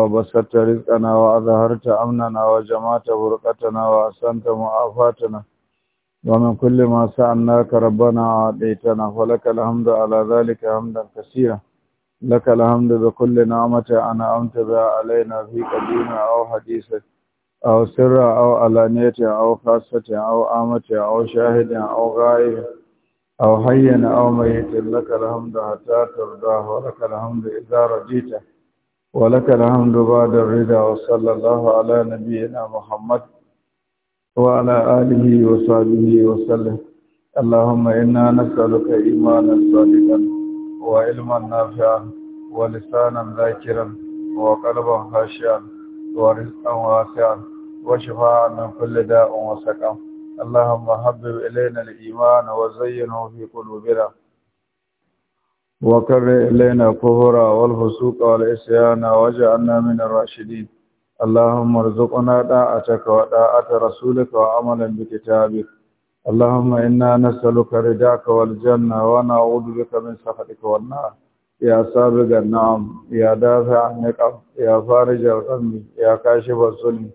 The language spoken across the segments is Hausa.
وبسطت رزقنا وأظهرت أمننا وجمعت برقتنا وأحسنت معافاتنا ومن كل ما سألناك ربنا أعطيتنا ولك الحمد على ذلك حمدا كثيرا لك الحمد بكل نعمة أنعمت بها علينا في قديم أو حديث أو سر أو علانية أو خاصة أو عامة أو شاهد أو غائب أو حي أو ميت لك الحمد حتى ترضاه ولك الحمد إذا رجيته ولك الحمد بعد الرضا وصلى الله على نبينا محمد وعلى آله وصحبه وسلم اللهم إنا نسألك إيمانا صادقا وعلما نافعا ولسانا ذاكرا وقلبا خاشعا ورزقا واسعا وشفاعا من كل داء وسقم اللهم حبب إلينا الإيمان وزينه في قلوبنا وكر إلينا الكفر والفسوق والعصيان واجعلنا من الراشدين اللهم ارزقنا طاعتك وطاعة رسولك وعملا بكتابك اللهم إنا نسألك رضاك والجنة ونعوذ بك من سخطك والنار يا سابق النعم يا دافع النقم يا فارج الغم يا كاشف الظلم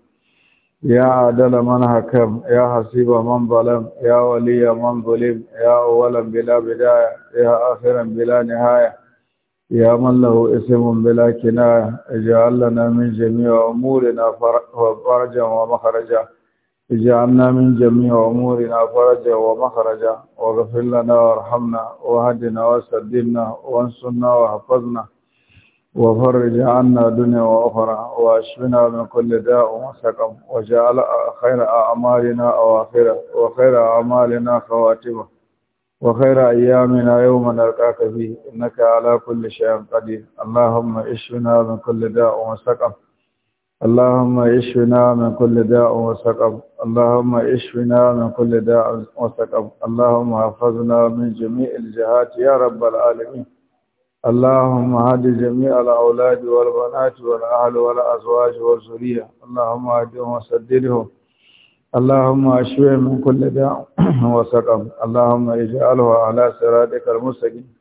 يا عدل من حكم يا حسيب من ظلم يا ولي من ظلم يا أولا بلا بداية يا آخرا بلا نهاية يا من له اسم بلا كناية اجعل لنا من جميع أمورنا فرجا ومخرجا اجعلنا من جميع أمورنا فرجا ومخرجا واغفر لنا وارحمنا وهدنا وسددنا وانصرنا وحفظنا وفرج عنا دنيا وأخرى واشفنا من كل داء وسقم وجعل خير أعمالنا أواخرة وخير أعمالنا خواتمة وخير أيامنا يوم نلقاك فيه إنك على كل شيء قدير اللهم اشفنا من كل داء وسقم اللهم اشفنا من كل داء وسقم اللهم اشفنا من كل داء وسقم اللهم احفظنا من جميع الجهات يا رب العالمين اللهم هد جميع الأولاد والبنات والأهل والأزواج والزرية اللهم هدهم وسددهم اللهم أشوه من كل داء وسقم اللهم اجعله على سرادك المستقيم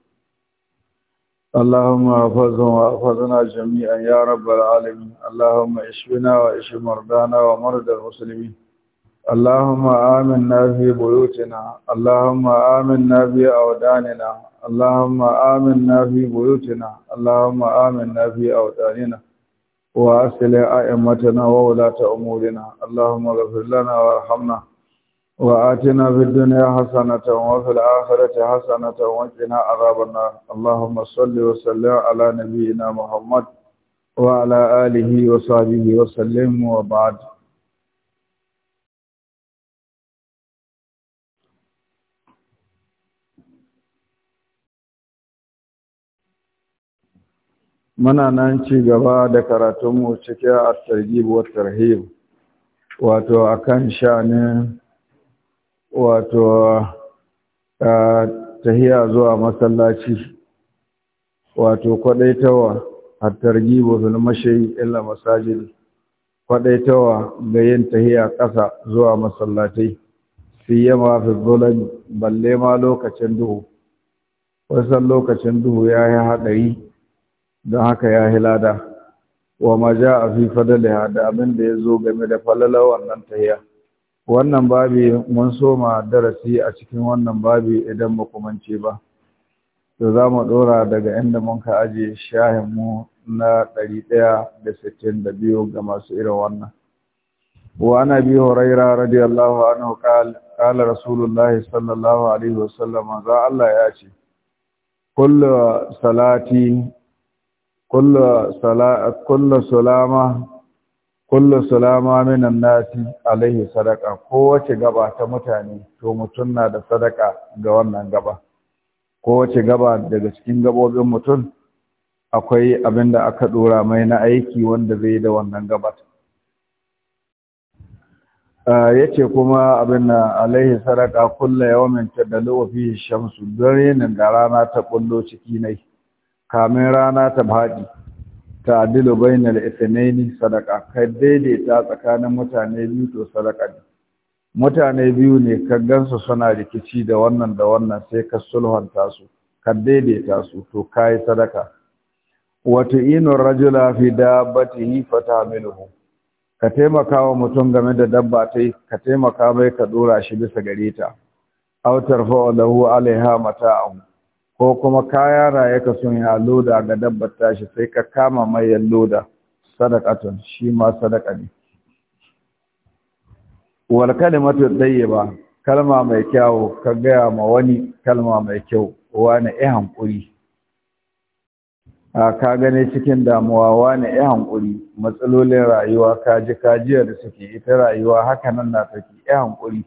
اللهم احفظهم واحفظنا جميعا يا رب العالمين اللهم اشفنا واشف مرضانا ومرضى المسلمين اللهم آمنا في بيوتنا اللهم آمنا في أوداننا اللهم آمنا في بيوتنا اللهم آمنا في أوطاننا وأصلح أئمتنا وولاة أمورنا اللهم اغفر لنا وارحمنا وآتنا في الدنيا حسنة وفي الآخرة حسنة وقنا عذاب النار اللهم صل وسلم على نبينا محمد وعلى آله وصحبه وسلم وبعد muna nan ci gaba da karatunmu cike a targhib wata tarhib wato akan shanin wato tahiya zuwa masallaci wato kwadaitawa a targhib fil mashayi illa masajid kwadaitawa ga yin tahiya ƙasa zuwa masallatai siyama fi dhulam balle ma lokacin duhu wasan lokacin duhu ya yi haɗari. don haka ya hilada wa ma ja a fi fadaliha da abin da ya zo game da falalar wannan yi wannan babi mun soma darasi a cikin wannan babi idan ba kumance ba to za mu ɗora daga inda mun ka aje shahinmu na ɗari ɗaya da sittin da biyu ga masu irin wannan وعن ابي هريره رضي الله عنه قال قال رسول الله صلى الله عليه وسلم ذا الله ياتي كل صلاتي kullu salama kullu salama minan nasi alaihi sadaka kowace gaba ta mutane to mutum na da sadaka ga wannan gaba kowace gaba daga cikin gabobin mutum akwai abinda aka dora mai na aiki wanda zai da wannan gabar yace kuma abin na alaihi sadaka kullu yawmin tadalu fihi shamsu don nan da rana ta kullo ciki nai kamin rana ta faɗi ta adilu bainal ithnaini sadaka kai daidaita tsakanin mutane biyu to sadaka ne mutane biyu ne ka gansu suna rikici da wannan da wannan sai ka sulhunta su ka daidaita su to kai sadaka wato inu rajula fi dabbatihi fatamiluhu ka taimaka wa mutum game da dabba ta ka taimaka mai ka dora shi bisa gare ta aw tarfa'u lahu alaiha mata'ahu ko kuma kaya raye ka sun ya loda ga dabbar tashi sai ka kama mai ya loda sadaqatun shi ma sadaka ne wal kalimatu tayyiba kalma mai kyau ka gaya ma wani kalma mai kyau wani eh hankuri a ka gane cikin damuwa wani eh hankuri matsalolin rayuwa ka ji kajiyar da suke ita rayuwa haka nan na take eh hankuri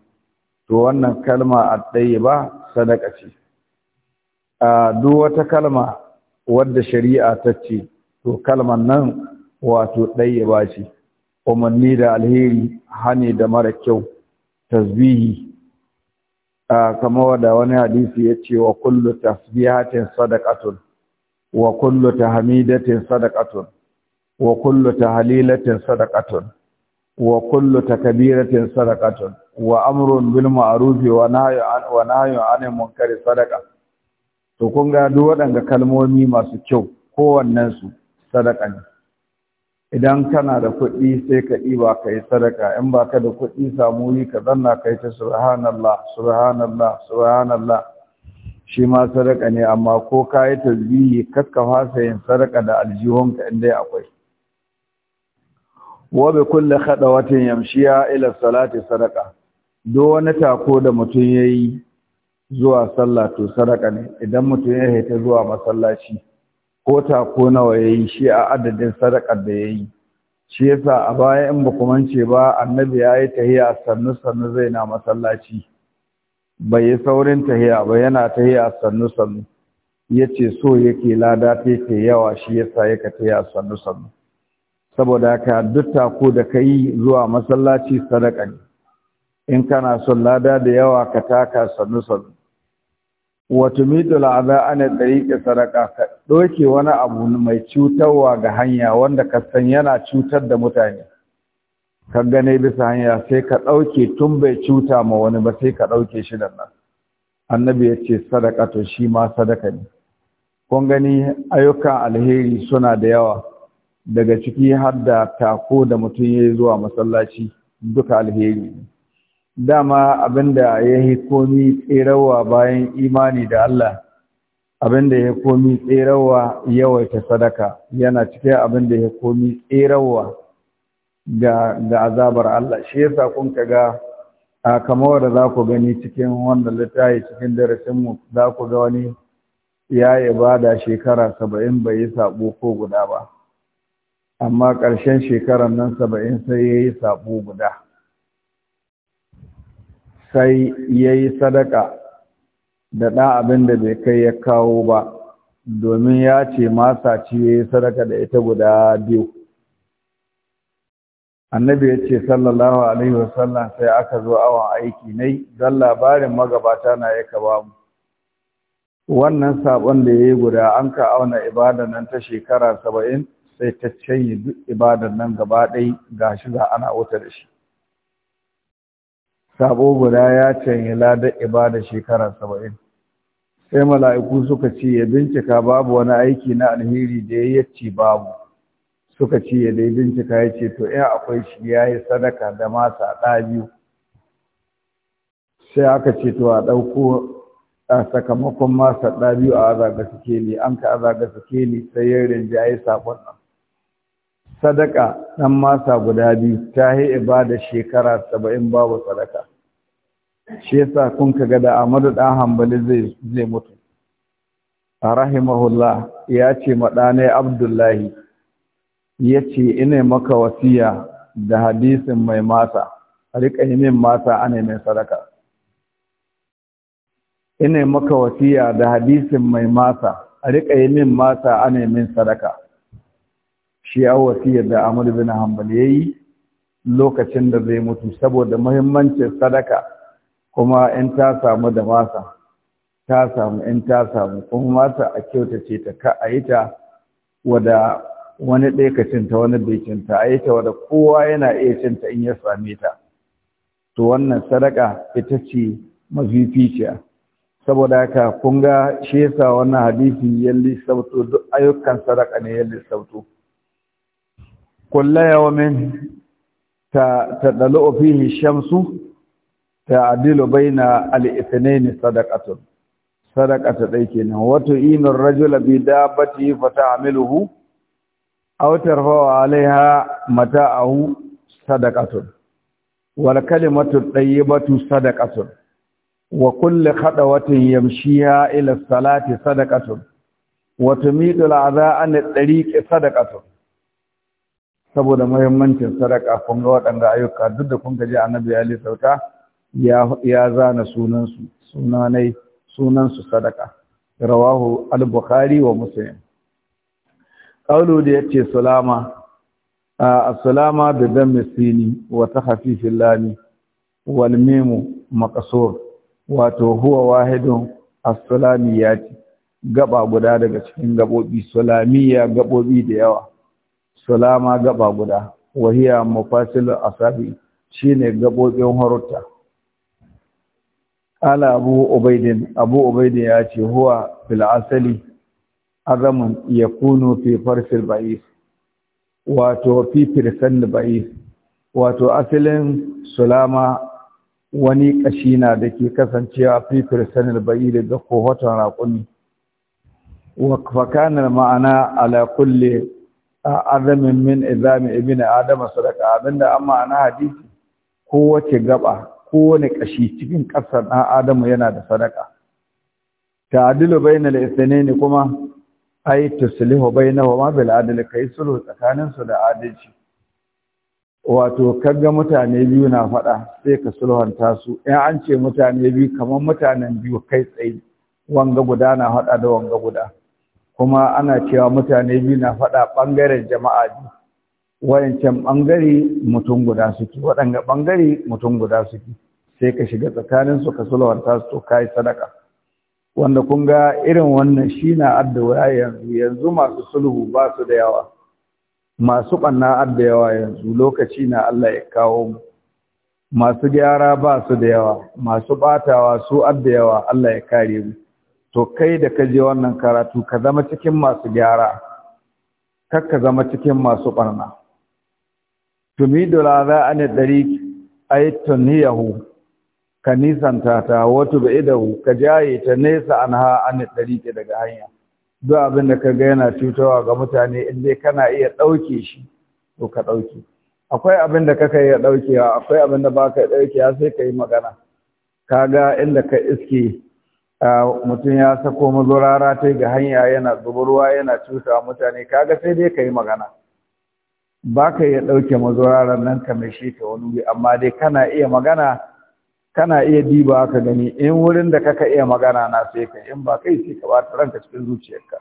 to wannan kalma at-tayyiba sadaka ce duk wata kalma wadda shari'a ta ce to kalman nan wato ɗaya ba ce umarni da alheri hane da mara kyau tasbihi kama wada wani hadisi ya ce wa kullu tasbihatin sadakatun wa kullu tahmidatin sadaqatun wa kullu tahlilatin sadaqatun wa kullu takbiratin sadaqatun wa amrun bil ma'ruf wa nahyun wa nahyun anil munkari sadaqatun to kun ga duk waɗanda kalmomi masu kyau kowannensu sadaka ne idan kana da kuɗi sai ka ɗiba ka yi sadaka in ba ka da kuɗi samu yi ka zanna ka yi ta subhanallah subhanallah subhanallah shi ma sadaka ne amma ko ka yi tasbihi kakka fasa yin sadaka da aljihunka in dai akwai wa bi kulli khadawatin yamshiya ila salati sadaka do wani tako da mutum yayi zuwa sallah to sadaka ne idan mutum ya haita zuwa masallaci ko ta ko nawa yayi shi a adadin sadakar da yayi shi yasa a baya in ba ce ba annabi ya yi tahiya sannu sannu zai na masallaci bai yi saurin tahiya ba yana tahiya sannu sannu ya ce so yake lada ta yawa shi yasa yaka tahiya sannu sannu saboda haka duk tako da ka yi zuwa masallaci sadaka ne in kana son lada da yawa ka taka sannu sannu wato mito la'aza ana ɗariƙe sadaka ka ɗauke wani abu mai cutarwa ga hanya wanda ka san yana cutar da mutane ka gane bisa hanya sai ka ɗauke tun bai cuta ma wani ba sai ka ɗauke shi da nan annabi ya ce sadaka to shi ma sadaka ne kun gani ayyukan alheri suna da yawa daga ciki har da tako da mutum ya yi zuwa masallaci duka alheri ne dama abinda ya yi komi tserawa bayan imani da Allah abinda ya komi tserawa yawaita sadaka yana cike abinda ya komi tserawa ga azabar Allah shi yasa kun kaga a kamar da za ku gani cikin wannan littafi cikin darasinmu za ku ga wani ya yi bada shekara saba'in bai yi sabo ko guda ba amma ƙarshen shekarar nan saba'in sai ya yi sabo guda sai ya yi sadaka da ɗan abin da bai kai ya kawo ba domin ya ce masa ci ya yi sadaka da ita guda biyu annabi ya ce sallallahu alaihi wasallam sai aka zo awon aiki ne don labarin magabata na ya kaba mu wannan sabon da ya yi guda an ka auna ibadar nan ta shekara saba'in sai ta canye duk ibadar nan gaba ɗai shi za ana wuta da shi sabo guda ya canyi ladar ibada shekara saba'in sai mala'iku suka ce ya bincika babu wani aiki na alheri da ya yacce babu suka ce ya dai bincika ya ce to ya akwai shi ya yi sadaka da masa ɗa biyu sai aka ce to a ɗauko a sakamakon masa ɗa biyu a azaga sikeli an ka azaga sikeli sai ya rinja yi sakon nan sadaka ɗan masa guda biyu ta yi ibada shekara saba'in babu sadaka shi yasa kun ka ga da amadu ɗan hambali zai mutu a rahimahullah ya ce maɗanai abdullahi ya ce ina maka wasiya da hadisin mai A riƙa yi min mata ana mai sadaka ina maka wasiya da hadisin mai masa riƙa yi min mata ana min sadaka shi ya wasiyar da Ahmad bin ya yi lokacin da zai mutu saboda muhimmancin sadaka kuma in ta samu da masa ta samu in ta samu kuma mata a kyautace ta ka a yi ta wada wani ɗaya ka wani bikin ta a yi ta wada kowa yana iya cinta in ya same ta to wannan sadaka ita ce mafificiya saboda haka kun ga shi yasa wannan hadisi ya sautu duk ayyukan sadaka ne ya sautu. kulle yawamin ta taɗalo ofihin shamsu ta adilo bayna al’ifinaini sadakatun sadakata ɗai kenan wato inon rajula bi Bati fata amiluhu autar hawa alaiha mata ahu sadakatun wal kalimatu ɗaye batu sadakatun wa kulle haɗa watan yamshiya ila salati sadakatun wato miɗula a za'a na ɗariƙe sadakatun saboda muhimmancin sadaka kun ga waɗanda ayyuka duk da kun gaji annabi ya sauka ya zana sunansu sunanai sunansu sadaka rawahu al-bukhari wa muslim qawlu da yace salama as-salama bi dammi sini wa tahfifil lami wal mim maqsur wato huwa wahidun as-salamiyati gaba guda daga cikin gabobi salamiya gabobi da yawa sulama gaba guda wahiya mafasil asabi shine gabobin harutta ala abu ubaidin abu ubaidin ya ce huwa fil asali azamun yakunu fi farsil ba'is wato fi firsan ba'is wato asalin sulama wani kashi na da ke kasancewa fi firsan ba'is daga kohotan raƙumi wa ma'ana ala kulli azamin min izami ibn adam sadaka abinda amma na hadisi kowace gaba kowane kashi cikin kasar dan adam yana da sadaka ta'dilu bainal ithnaini kuma ay tuslihu bainahuma bil adl kai sulhu tsakanin su da adalci wato kaga mutane biyu na fada sai ka sulhanta su in an ce mutane biyu kamar mutanen biyu kai tsaye wanga guda na hada da wanga guda kuma ana cewa mutane biyu na faɗa ɓangaren jama'a biyu wayancan ɓangare mutum guda suke waɗanga ɓangare mutum guda suke sai ka shiga tsakanin su ka sulawarta su to kai sadaka wanda kun ga irin wannan shi na addu'a yanzu yanzu masu sulhu ba su da yawa masu ɓanna adda yawa yanzu lokaci na Allah ya kawo mu masu gyara ba su da yawa masu ɓatawa su adda yawa Allah ya kare mu to kai da ka je wannan karatu ka zama cikin masu gyara kar ka zama cikin masu barna tumi dola za a ne ɗari a yi tuniyahu ka nisanta ta wato ba idahu ka jaye ta nesa an ha ne ɗari ke daga hanya duk abin da ka ga yana cutarwa ga mutane in dai kana iya ɗauke shi to ka ɗauke akwai abin da kaka iya ɗaukewa akwai abin da baka ɗaukewa sai ka yi magana ka ga inda ka iske mutum ya sako mazurara ta ga hanya yana zubarwa yana cutawa mutane kaga sai dai ka yi magana ba ka iya ɗauke mazuraran nan ka mai shi ka wani amma dai kana iya magana kana iya diba ka gani in wurin da kaka iya magana na sai ka in ba kai sai ka bata ranka cikin zuciyarka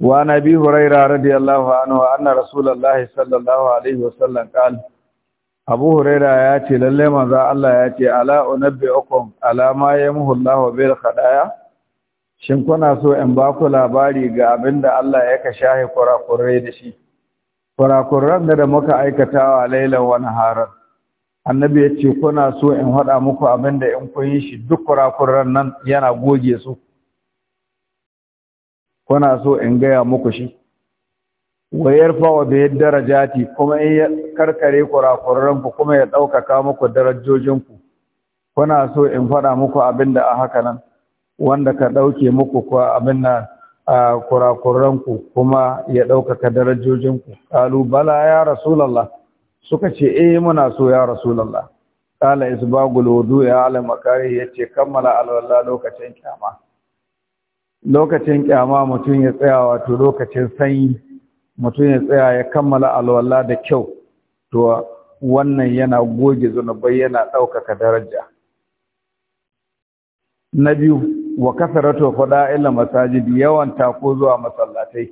wa nabi hurairah radiyallahu anhu anna rasulullahi sallallahu alaihi wasallam qala abu huraira ya ce lalle manzo Allah ya ce ala unabbi ukum ala ma yamhu bil khadaya shin kuna so in ba ku labari ga abinda Allah ya ka shahi kurakurre da shi kurakurran da muka aikatawa lailan wa naharan annabi ya ce kuna so in haɗa muku abinda in kun yi shi duk kurakurran nan yana goge su kuna so in gaya muku shi wa yarfa bihi darajati kuma in ya karkare kurakuran ku kuma ya ɗaukaka muku darajojin ku kuna so in faɗa muku abinda a haka nan wanda ka ɗauke muku ko abin nan a kurakuran ku kuma ya ɗaukaka darajojin ku qalu bala ya rasulullah suka ce eh muna so ya rasulullah qala isbagul wudu ya ala makari yace kammala alwala lokacin kyama lokacin kyama mutum ya tsaya wato lokacin sanyi mutum ya tsaya ya kammala alwala da kyau to wannan yana goge zunubai yana ɗaukaka daraja na biyu wa kasaratu ila masajidi yawan tako zuwa masallatai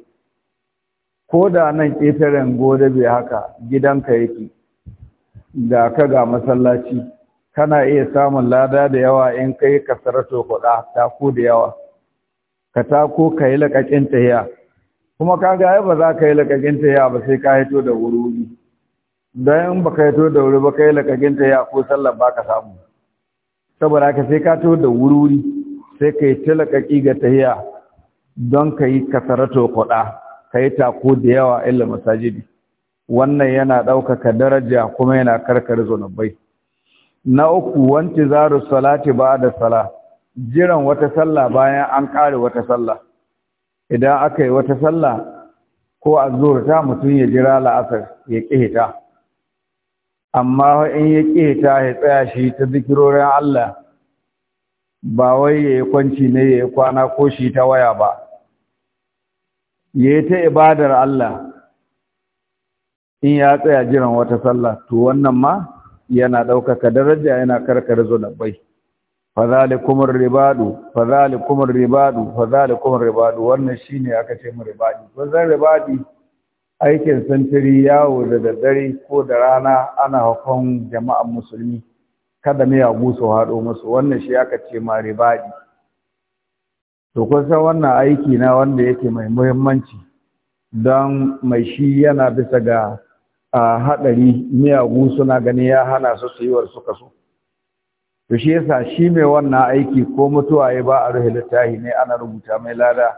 ko da nan ƙetaren gode bai haka gidanka yake ga ka ga masallaci kana iya samun lada da yawa in kai kasaratu fada tako da yawa ka tako ka yi laƙaƙin tahiya kuma ka ga ba za ka yi lakakin ya ba sai ka hito da wuri don in ba ka hito da wuri ba ka yi ta ya ko sallar ba ka samu saboda ka sai ka to da wuri sai ka yi talakaki ga tahiya don ka yi kasarato kuɗa ka yi tako da yawa illa masajidi wannan yana ɗaukaka daraja kuma yana karkar zunubai na uku wanti zaru salati ba da sala jiran wata sallah bayan an ƙare wata sallah idan aka yi wata sallah ko azzuhur ta mutum ya jira la'asar ya ƙihita amma in ya ƙihita ya tsaya shi ta zikirorin Allah ba wai ya yi kwanci ne ya yi kwana ko shi ta waya ba ya yi ta ibadar Allah in ya tsaya jiran wata sallah to wannan ma yana ɗaukaka daraja yana karkar zunubai. fazalikum ribadu fazalikum ribadu kuma ribadu wannan shine aka ce mu ribadi wannan ribadi aikin santiri yawo da daddare ko da rana ana hukun jama'an musulmi kada ne ya su haɗo musu wannan shi aka ce ma ribadi to kun wannan aiki na wanda yake mai muhimmanci don mai shi yana bisa ga a haɗari miyagu suna gani ya hana su su yi suka so to shi yasa shi mai wannan aiki ko mutuwa ya ba a ruhe littahi ne ana rubuta mai lada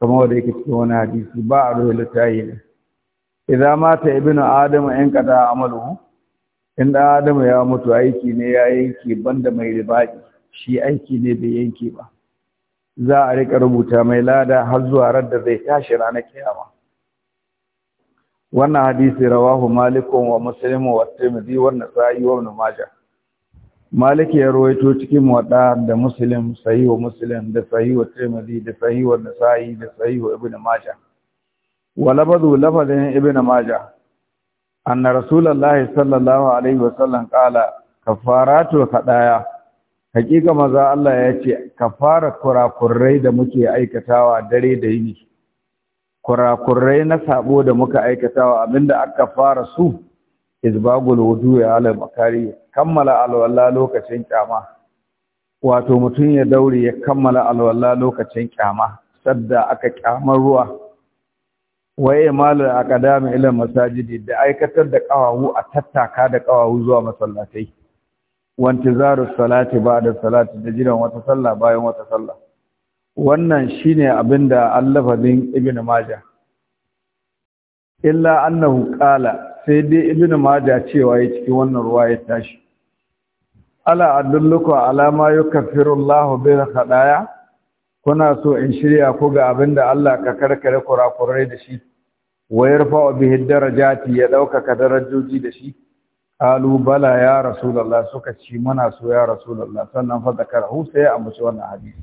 kamar wanda yake cikin wani hadisi ba a ruhe littahi ne idza mata ibnu adamu in kada amaluhu in da adamu ya mutu aiki ne ya yanke banda mai ribaki shi aiki ne bai yanke ba za a rika rubuta mai lada har zuwa radda zai tashi ranar kiyama wannan hadisi rawahu malikun wa muslimu wa tirmidhi wa nasa'i wa ibn majah maliki ya rawaito cikin wada da muslim sahihu muslim da sahihu tirmidhi da sahihu nasa'i da sahihu ibnu majah wa labadu lafadin ibnu majah anna rasulullahi sallallahu alaihi wa wasallam qala kafaratul khadaya hakika maza Allah ya ce kafara kurakurai da muke aikatawa dare da yini kurakurai na sabo da muka aikatawa abinda aka fara su izbagul ya ala makari kammala alwala lokacin kyama wato mutum ya daure ya kammala alwala lokacin kyama sadda aka kyamar ruwa waye malar akadami ila masajidi da aikatar da kawawu a tattaka da kawawu zuwa masallatai wantizaru salati ba'da salati da jiran wata sallah bayan wata sallah wannan shine abinda din ibn majah illa annahu qala sai dai Ibn maja cewa ya cikin wannan ruwa ya tashi ala adulluku ala ma yukaffiru Allah bil khadaya kuna so in shirya ku ga abinda Allah ka karkare kurakurai da shi wa yarfa'u bihi darajati ya ɗaukaka darajoji da shi qalu bala ya rasulullah suka ci muna so ya rasulullah sannan fa zakarahu sai ya wannan hadisi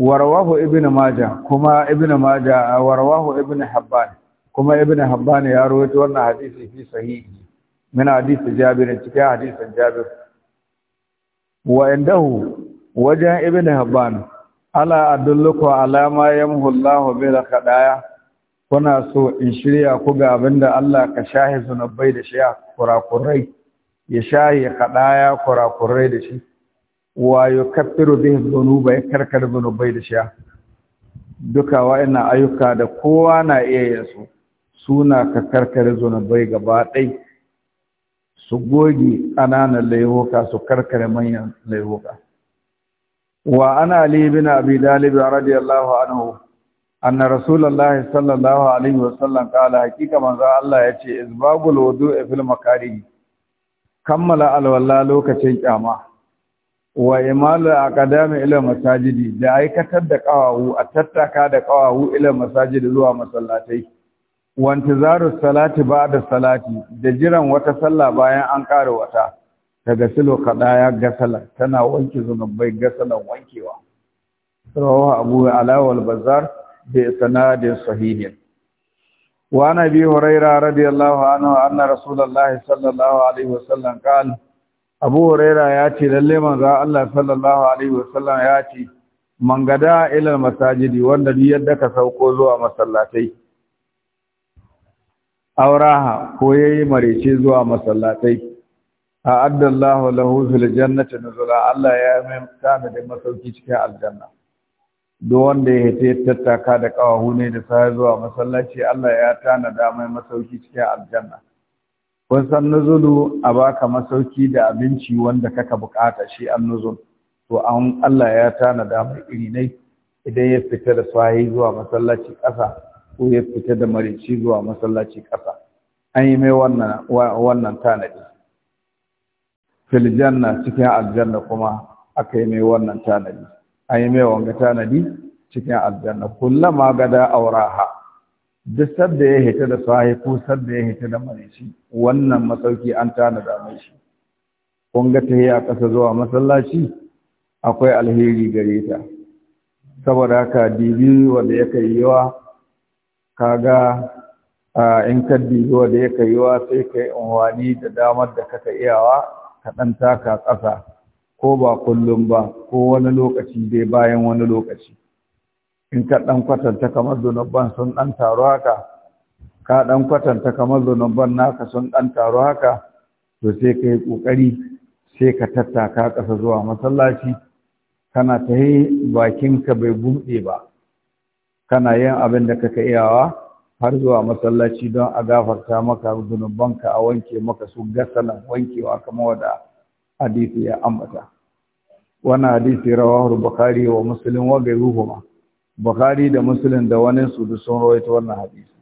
Warwahu ibnu majah kuma ibnu majah warawahu habban kuma ibn habban ya rawaito wannan hadisi fi sahihi min hadisi jabir cikin hadisin jabir wa indahu wajen ibn habban ala adulluku ala ma yamhu Allahu bil khadaya kuna so in shirya ku ga abinda Allah ka shahi zunubai da shi kurakurai ya shahi khadaya kurakurai da shi wa yukaffiru bihi dhunuba karkar zunubai da shi duka wa'annan ayyuka da kowa na iya yin su suna ka karkare zunubai gaba ɗai su goge ƙananan laihoka su karkare manyan laihoka wa ana ali bin abi dalib radiyallahu anhu anna rasulullahi sallallahu alaihi wa ka ala hakika manzo Allah yace izbagul wudu'i fil makarih kammala alwala lokacin kyama wa imalu aqdami ila masajidi da aikatar da kawawu a tattaka da kawawu ila masajidi zuwa masallatai Wanti zaru salati ba da salati da jiran wata sallah bayan an kare wata daga silo kaɗaya gasala tana wanke zunubai gasalan wankewa rawahu abu alawal bazar bi sanadin sahihin wa nabi huraira radiyallahu anhu anna rasulullahi sallallahu alaihi wasallam الله Abu huraira ya ce lalle manzo Allah sallallahu alaihi wasallam yace man gada ila masajidi wanda duk yadda ka sauko zuwa masallatai auraha ko yayi marece zuwa masallatai a addallahu lahu fil jannati nuzula Allah ya mai tana da masauki cikin aljanna Don wanda ya ce tattaka da kawahu ne da sai zuwa masallaci Allah ya tana da mai masauki cikin aljanna kun san nuzulu a baka masauki da abinci wanda kaka bukata shi an nuzul to an Allah ya tana da mai iri ne idan ya fita da sahi zuwa masallaci ƙasa ko ya fita da marici zuwa masallaci ƙasa an yi mai wannan tanadi filjanna cikin aljanna kuma aka yi mai wannan tanadi an yi mai wanga tanadi cikin aljanna kullama gada auraha duk sadda ya hita da sahi ko sadda ya hita da marici wannan masauki an tanada mai shi kun ga a ƙasa zuwa masallaci akwai alheri gare ta saboda haka dibi wanda ya kai yawa. kaga in ka zuwa da ya yake yiwa sai ka yi unwani da damar da kaka iyawa ka ɗan taka ƙasa ko ba kullum ba ko wani lokaci dai bayan wani lokaci in ka ɗan kwatanta kamar zunubban sun ɗan taru haka ka ɗan kwatanta kamar zunubban naka sun ɗan taru haka to sai ka yi ƙoƙari sai ka tattaka ƙasa zuwa masallaci kana ta yi bakinka bai buɗe ba kana yin abin da kaka iyawa har zuwa masallaci don a gafarta maka zunubanka a wanke maka su gasalan wankewa kamar wada hadisi ya ambata wannan hadisi rawahu bukhari wa muslim wa ghayruhuma bukhari da muslim da wani su da sun rawaito wannan hadisi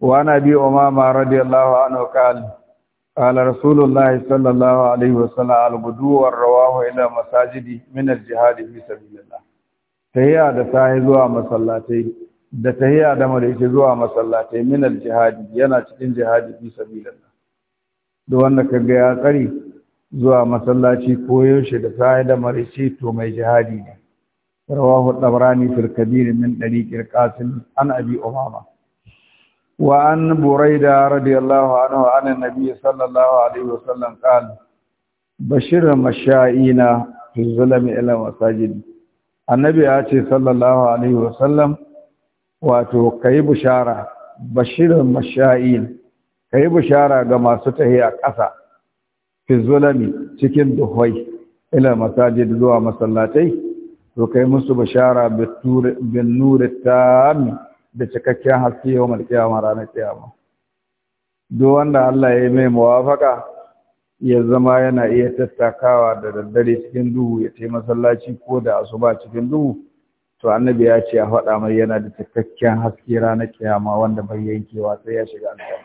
wa ana bi umama radiyallahu anhu qala qala rasulullahi sallallahu alaihi wasallam al-budu wa rawahu ila masajidi min al-jihad fi sabilillah tahiya da zuwa masallatai da tahiya da maraice zuwa masallatai minal jihadi yana cikin jihadi fi sabilillah duk wanda ka ga ya tsari zuwa masallaci koyaushe da safe da maraice to mai jihadi ne rawahu dabrani fil kabir min dariq al qasim an abi umama wa an burayda radiyallahu anhu an nabi sallallahu alaihi wasallam qala bashir mashaina fi zulmi ila masajidi annabi ya ce sallallahu alaihi wasallam wato kai bushara bashirin masha'in kai bushara ga masu tahi a ƙasa fi zulami cikin duhwai ila masajid zuwa masallatai to kai musu bushara bin nuri tam da cikakken haske yau malkiyama ranar kiyama duk wanda Allah ya yi mai muwafaka ya zama yana iya tattakawa da daddare cikin duhu ya tai masallaci ko da asuba cikin duhu to annabi ya ce a faɗa mai yana da cikakken haske rana kiyama wanda bai yankewa sai ya shiga rawa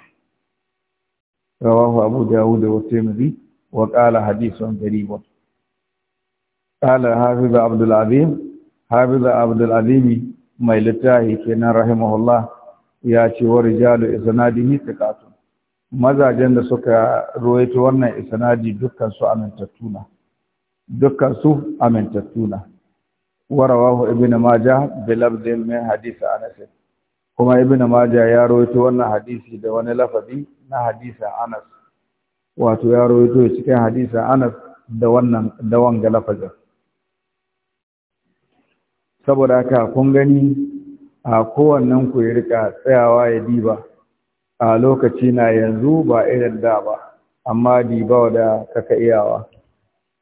rawahu abu dawud wa tirmidhi wa qala hadithun gharib qala hafiz abdul azim hafiz abdul azim mai littahi kenan rahimahullah ya ce wa rijalu isnadihi thiqatun mazajen da suka ruwaito wannan isanadi dukkan su amintattuna dukkan su amintattuna warawahu ibnu majah bi lafdin min hadith anas kuma ibnu majah ya ruwaito wannan hadisi da wani lafazi na hadisin anas wato ya ruwaito cikin hadisin anas da wannan da wanga lafazin saboda haka kun gani a kowannen ku ya rika tsayawa ya diba a lokaci na yanzu ba irin da ba amma diba da kaka iyawa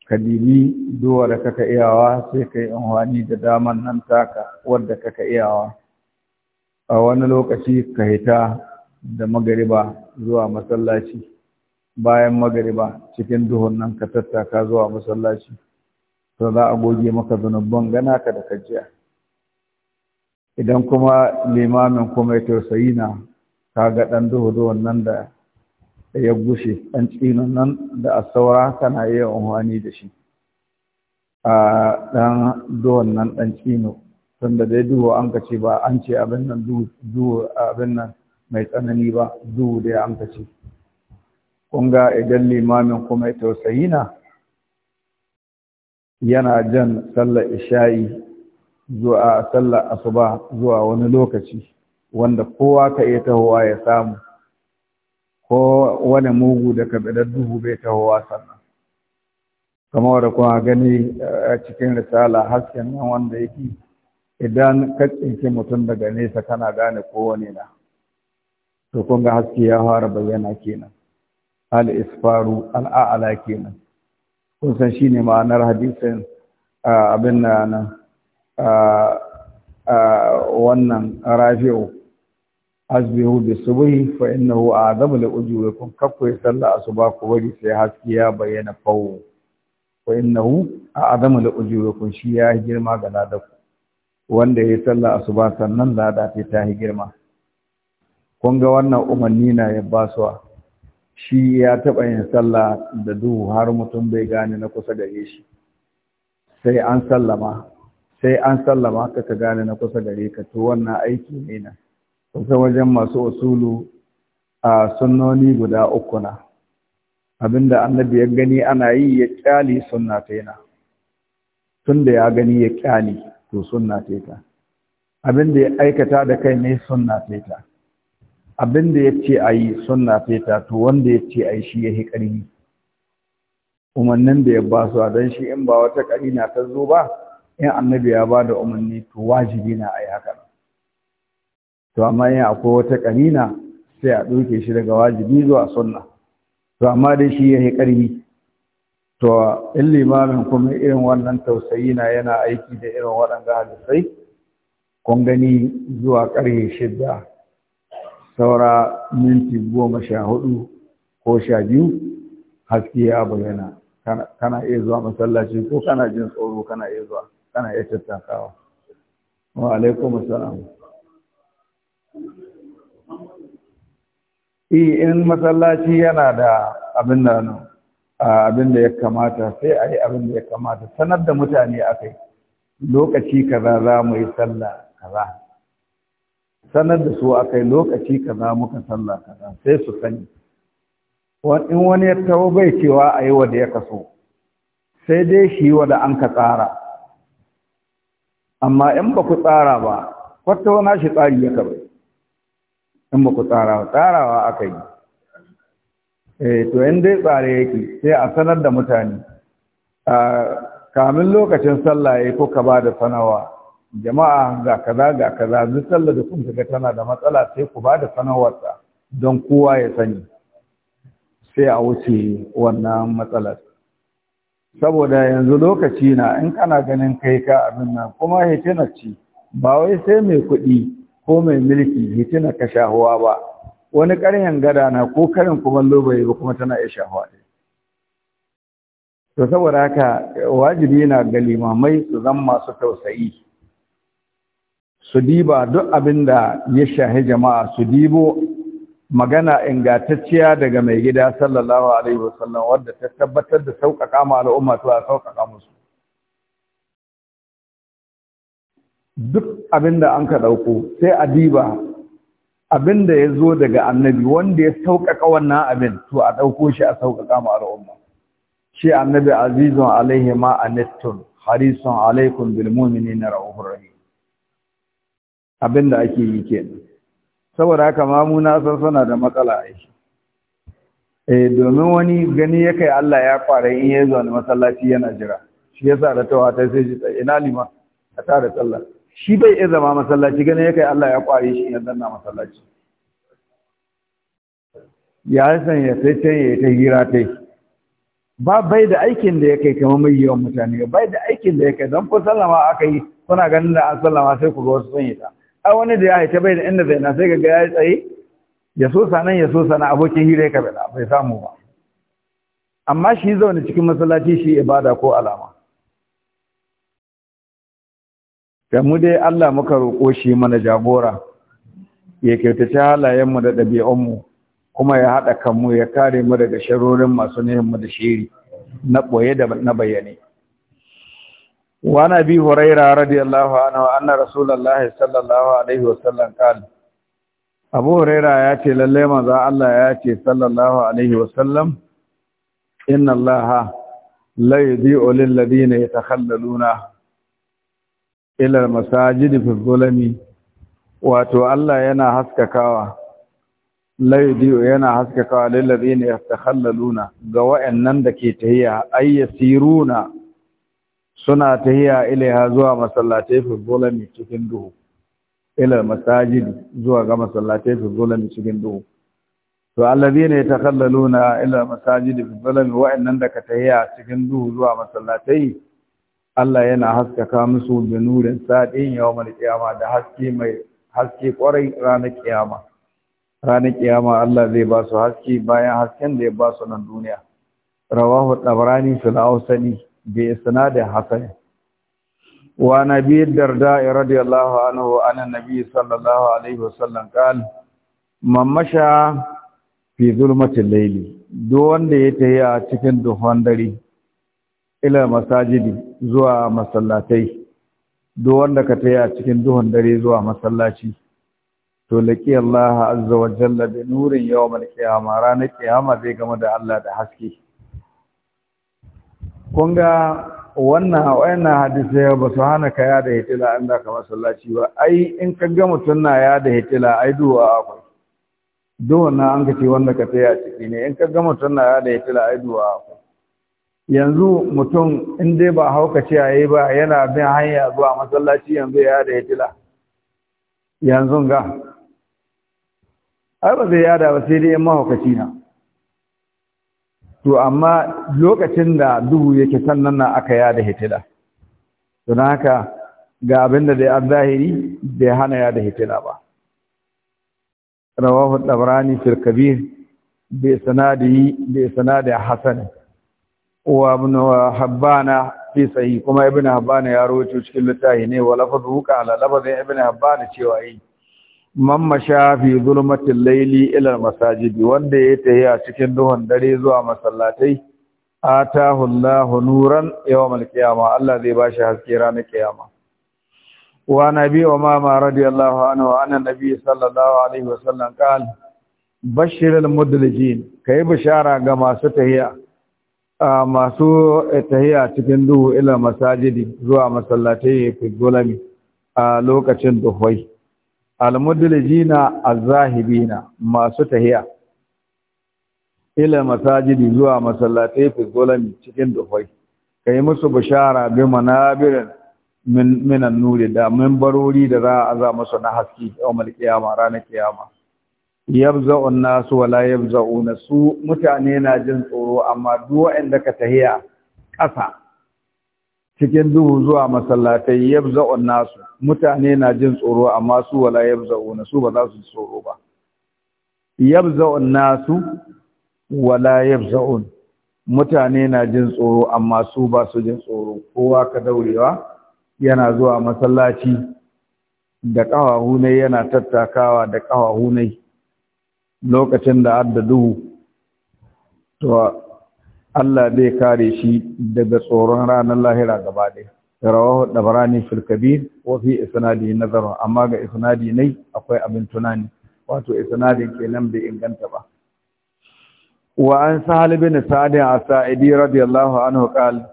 ka dibi duwa da kaka iyawa sai ka yi amfani da daman nan taka wadda kaka iyawa a wani lokaci ka hita da magariba zuwa masallaci bayan magariba cikin duhun nan ka tattaka zuwa masallaci to za a goge maka zunubban gana ka da kajiya idan kuma limamin kuma ya tausayi na ga ɗan duhu duhun nan da ya gushe ɗan tsinin nan da a saura yi iya unhwani da shi a ɗan duhun nan ɗan tsino tun da dai duhu an kace ba an ce abin nan duhu abin nan mai tsanani ba duhu dai an kace kun ga idan limamin kuma ya tausayi na yana jan sallar isha'i zuwa sallar asuba zuwa wani lokaci wanda kowa ka iya tahowa ya samu ko wani mugu da kabilar duhu bai tahowa sannan kamar da kuma gani a eh, cikin risala hasken nan wanda yake idan ka tsinke mutum daga nesa kana gane kowane na to kun ga haske ya fara bayyana kenan al isfaru al a'la kenan kun san shine ma'anar hadisin eh, abin nan eh, wannan rafi'u azbihu bi subhi fa innahu a'zamu li ujurikum kaffu ya salla asuba ku bari sai haskiya ya bayyana fawo fa innahu a'zamu li ujurikum shi ya girma ga ladaku wanda ya salla asuba sannan lada ta ta girma kun ga wannan umarni na ya basuwa shi ya taɓa yin sallah da duhu har mutum bai gane na kusa gare shi sai an sallama sai an sallama ka ka gane na kusa gare ka to wannan aiki ne na kusa wajen masu usulu a sunnoni guda uku na abinda annabi ya gani ana yi ya kyali sunna ta yana tunda ya gani ya kyali to sunna ta ta abinda ya aikata da kai ne sunna ta ta abinda ya ce a yi sunna ta ta to wanda ya ce a yi shi ya yi ƙarfi umarnin da ya ba su don shi in ba wata ƙari na ta zo ba in annabi ya ba da umarni to wajibi na a yi haka to amma yin akwai wata ƙarina sai a ɗauke shi daga wajibi zuwa sunna to amma dai shi ya yi ƙarfi to in limamin kuma irin wannan tausayi na yana aiki da irin waɗanda hadisai kun gani zuwa ƙarfe shidda saura minti goma sha hudu ko sha biyu haske ya bayyana kana iya zuwa masallaci ko kana jin tsoro kana iya zuwa kana iya tattakawa wa alaikum assalam Eh, in masallaci yana da abin da abin da ya kamata sai a yi abin da ya kamata sanar da mutane akai lokaci kaza za mu yi sallah kaza sanar da su akai lokaci kaza muka sallah kaza sai su sani in wani ya tawo bai cewa a yi ya kaso sai dai shi wa da an ka tsara amma in ba ku tsara ba kwatawa shi tsari ya kabai in ba ku tsara tsarawa aka yi eh, to in dai tsare yake sai a sanar da mutane kamin lokacin sallah yayi ko ka ba da sanawa jama'a ga kaza ga kaza duk sallar da kun ga tana da matsala sai ku ba da ta don kowa ya sani sai a wuce wannan matsalar saboda yanzu lokaci na in kana ganin kai ka abin nan kuma hitinar ci ba wai sai mai kuɗi ko mai mulki hitina ka shahuwa ba wani ƙaryan gada na ko karin kumallo bai ba kuma tana iya shahuwa ɗaya to saboda haka wajibi na ga limamai su zan masu tausayi su diba duk abin da ya shahi jama'a su dibo magana ingantacciya daga mai gida sallallahu alaihi wasallam wadda ta tabbatar da sauƙaƙa ma al'umma to a sauƙaƙa musu duk abin da an ka ɗauko sai a diba abin da ya zo daga annabi wanda ya sauƙaƙa wannan abin to a ɗauko shi a sauƙaƙa ma al'umma shi annabi azizun alaihi ma anittun harisun alaikum bil mu'minina ra'ufur rahim abin da ake yi kenan saboda haka ma mu na sana da matsala a shi eh domin wani gani ya kai Allah ya fara in ya zo masallaci yana jira shi yasa da tawa ta sai ina liman a tare sallah shi bai iya zama masallaci ganin ya kai Allah ya kware shi ya zanna masallaci ya san ya sai ta yi ta hira ta yi. ba bai da aikin da ya kai kamar mai yawan mutane ba. bai da aikin da ya kai don kun sallama aka yi kuna ganin da an sallama sai ku ga wasu sun yi ta ai wani da ya haita bai da inda zai na sai ga ya tsaye ya so sanan ya so sanan abokin hira ya kabila bai samu ba amma shi zaune cikin masallaci shi ibada ko alama da mu dai Allah muka roƙo shi mana jagora ya kyautace halayenmu da ɗabi'unmu kuma ya haɗa kanmu ya kare mu daga sharorin masu mu da shiri na ɓoye da na bayyane وعن ابي هريره radiyallahu الله عنه anna Rasulullahi sallallahu alaihi wa sallam وسلم Abu Huraira ya ce lalle manzo Allah ce sallallahu alaihi wa sallam. inna allaha la yudhi'u lil ladina yatakhallaluna Ilar masajidi fi wato Allah yana haskakawa laidi yana haskakawa lillazina yastakhallaluna ga wayannan da ke tahiya ayyasiruna suna tahiya ilaiha zuwa masallatai fi zulami cikin duhu Ilar masajidi zuwa ga masallatai fi zulami cikin duhu to allazina yatakhallaluna ilar masajidi fi zulami wayannan da ka tahiya cikin duhu zuwa masallatai Allah yana haskaka musu da nurin sadin yawmal kiyama da haske mai haske kwarai ranar kiyama ranar kiyama Allah zai ba su haske bayan hasken da ya ba su nan duniya rawahu tabrani fil awsani bi isnadin hasan wa nabi darda radiyallahu anhu anan nabi sallallahu alaihi wasallam qal man masha fi zulmatil layli duk wanda ya tayi a cikin duhun dare ila masajidi zuwa masallatai duk wanda ka taya cikin duhun dare zuwa masallaci to laqi Allah azza wa jalla bi nurin yawmal qiyamah ranar qiyama zai gama da Allah da haske Kunga wannan wannan wayannan ya ba su hana ka ya da hitila an da ka masallaci ba ai in ka ga mutum na ya da hitila ai duwa akwai duwa na an ka ce wanda ka taya ciki ne in ka ga mutum na ya da hitila ai duwa akwai yanzu mutum in dai ba haukace a yi ba yana bin hanya zuwa masallaci yanzu ya da ya jila yanzu ga ai ba zai yada ba sai dai in mahaukaci na to amma lokacin da duhu yake sannan na aka yada hitila don haka ga abin da dai an zahiri bai hana yada hitila ba rawahu tabrani fil kabir bi sanadi bi sanadi hasan wa ibn habbana fi sahi kuma ibn habbana ya rawaito cikin littafi ne wa lafzu qala lafzin ibn habbana cewa yi man masha fi zulmatil layli ila masajidi wanda ya tahi a cikin duhun dare zuwa masallatai atahu Allahu nuran yawmal qiyama Allah zai bashi haske ranar kiyama wa nabi wa mama radiyallahu anhu anna nabi sallallahu alaihi wasallam qala bashiril mudlijin kai bishara ga masu tahiya masu eh, tahiya cikin duhu ila masajidi zuwa masallatai fi gulami a lokacin duhwai almudlijina azahibina masu tahiya ila masajidi zuwa masallatai fi gulami cikin duhwai kai musu bishara bi manabirin min minan nuri da minbarori da za a za musu na haske yawmal ƙiyama ranar ƙiyama. yabza'un nasu wala yabza'una su mutane na jin tsoro amma duk wanda ka tahiya ƙasa cikin duhu zuwa masallatai yabza'un nasu mutane na jin tsoro amma su wala yabza'una su ba za su tsoro ba yabza'un nasu wala yabza'un mutane na jin tsoro amma su ba su jin tsoro kowa ka daurewa yana zuwa masallaci da ƙawahu ne yana tattakawa da ƙawahu ne lokacin da adda duhu to Allah zai kare shi daga tsoron ranar lahira gaba ɗaya rawahu dabarani fil kabir wa fi isnadi nazar amma ga isnadi nai, akwai abin tunani wato isnadin kenan bai inganta ba wa an sahal bin sa'd as-sa'idi radiyallahu anhu qala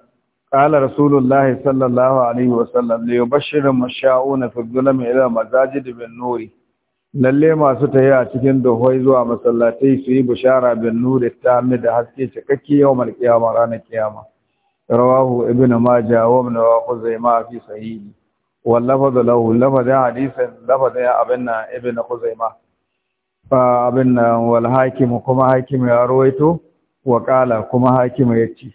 قال رسول الله صلى الله عليه وسلم ليبشر المشاؤون في الظلم إلى مزاجد بالنور lalle masu tafiya a cikin dohoi zuwa masallatai su yi bushara bin nuri ta da haske cikakke yau mal kiyama ranar kiyama rawahu ibn majah wa ibn khuzaimah fi sahihi wal lafaz lahu lafaz hadisin lafaz abin na ibn khuzaimah fa abin nan wal hakim kuma hakim ya rawaito wa qala kuma hakim ci?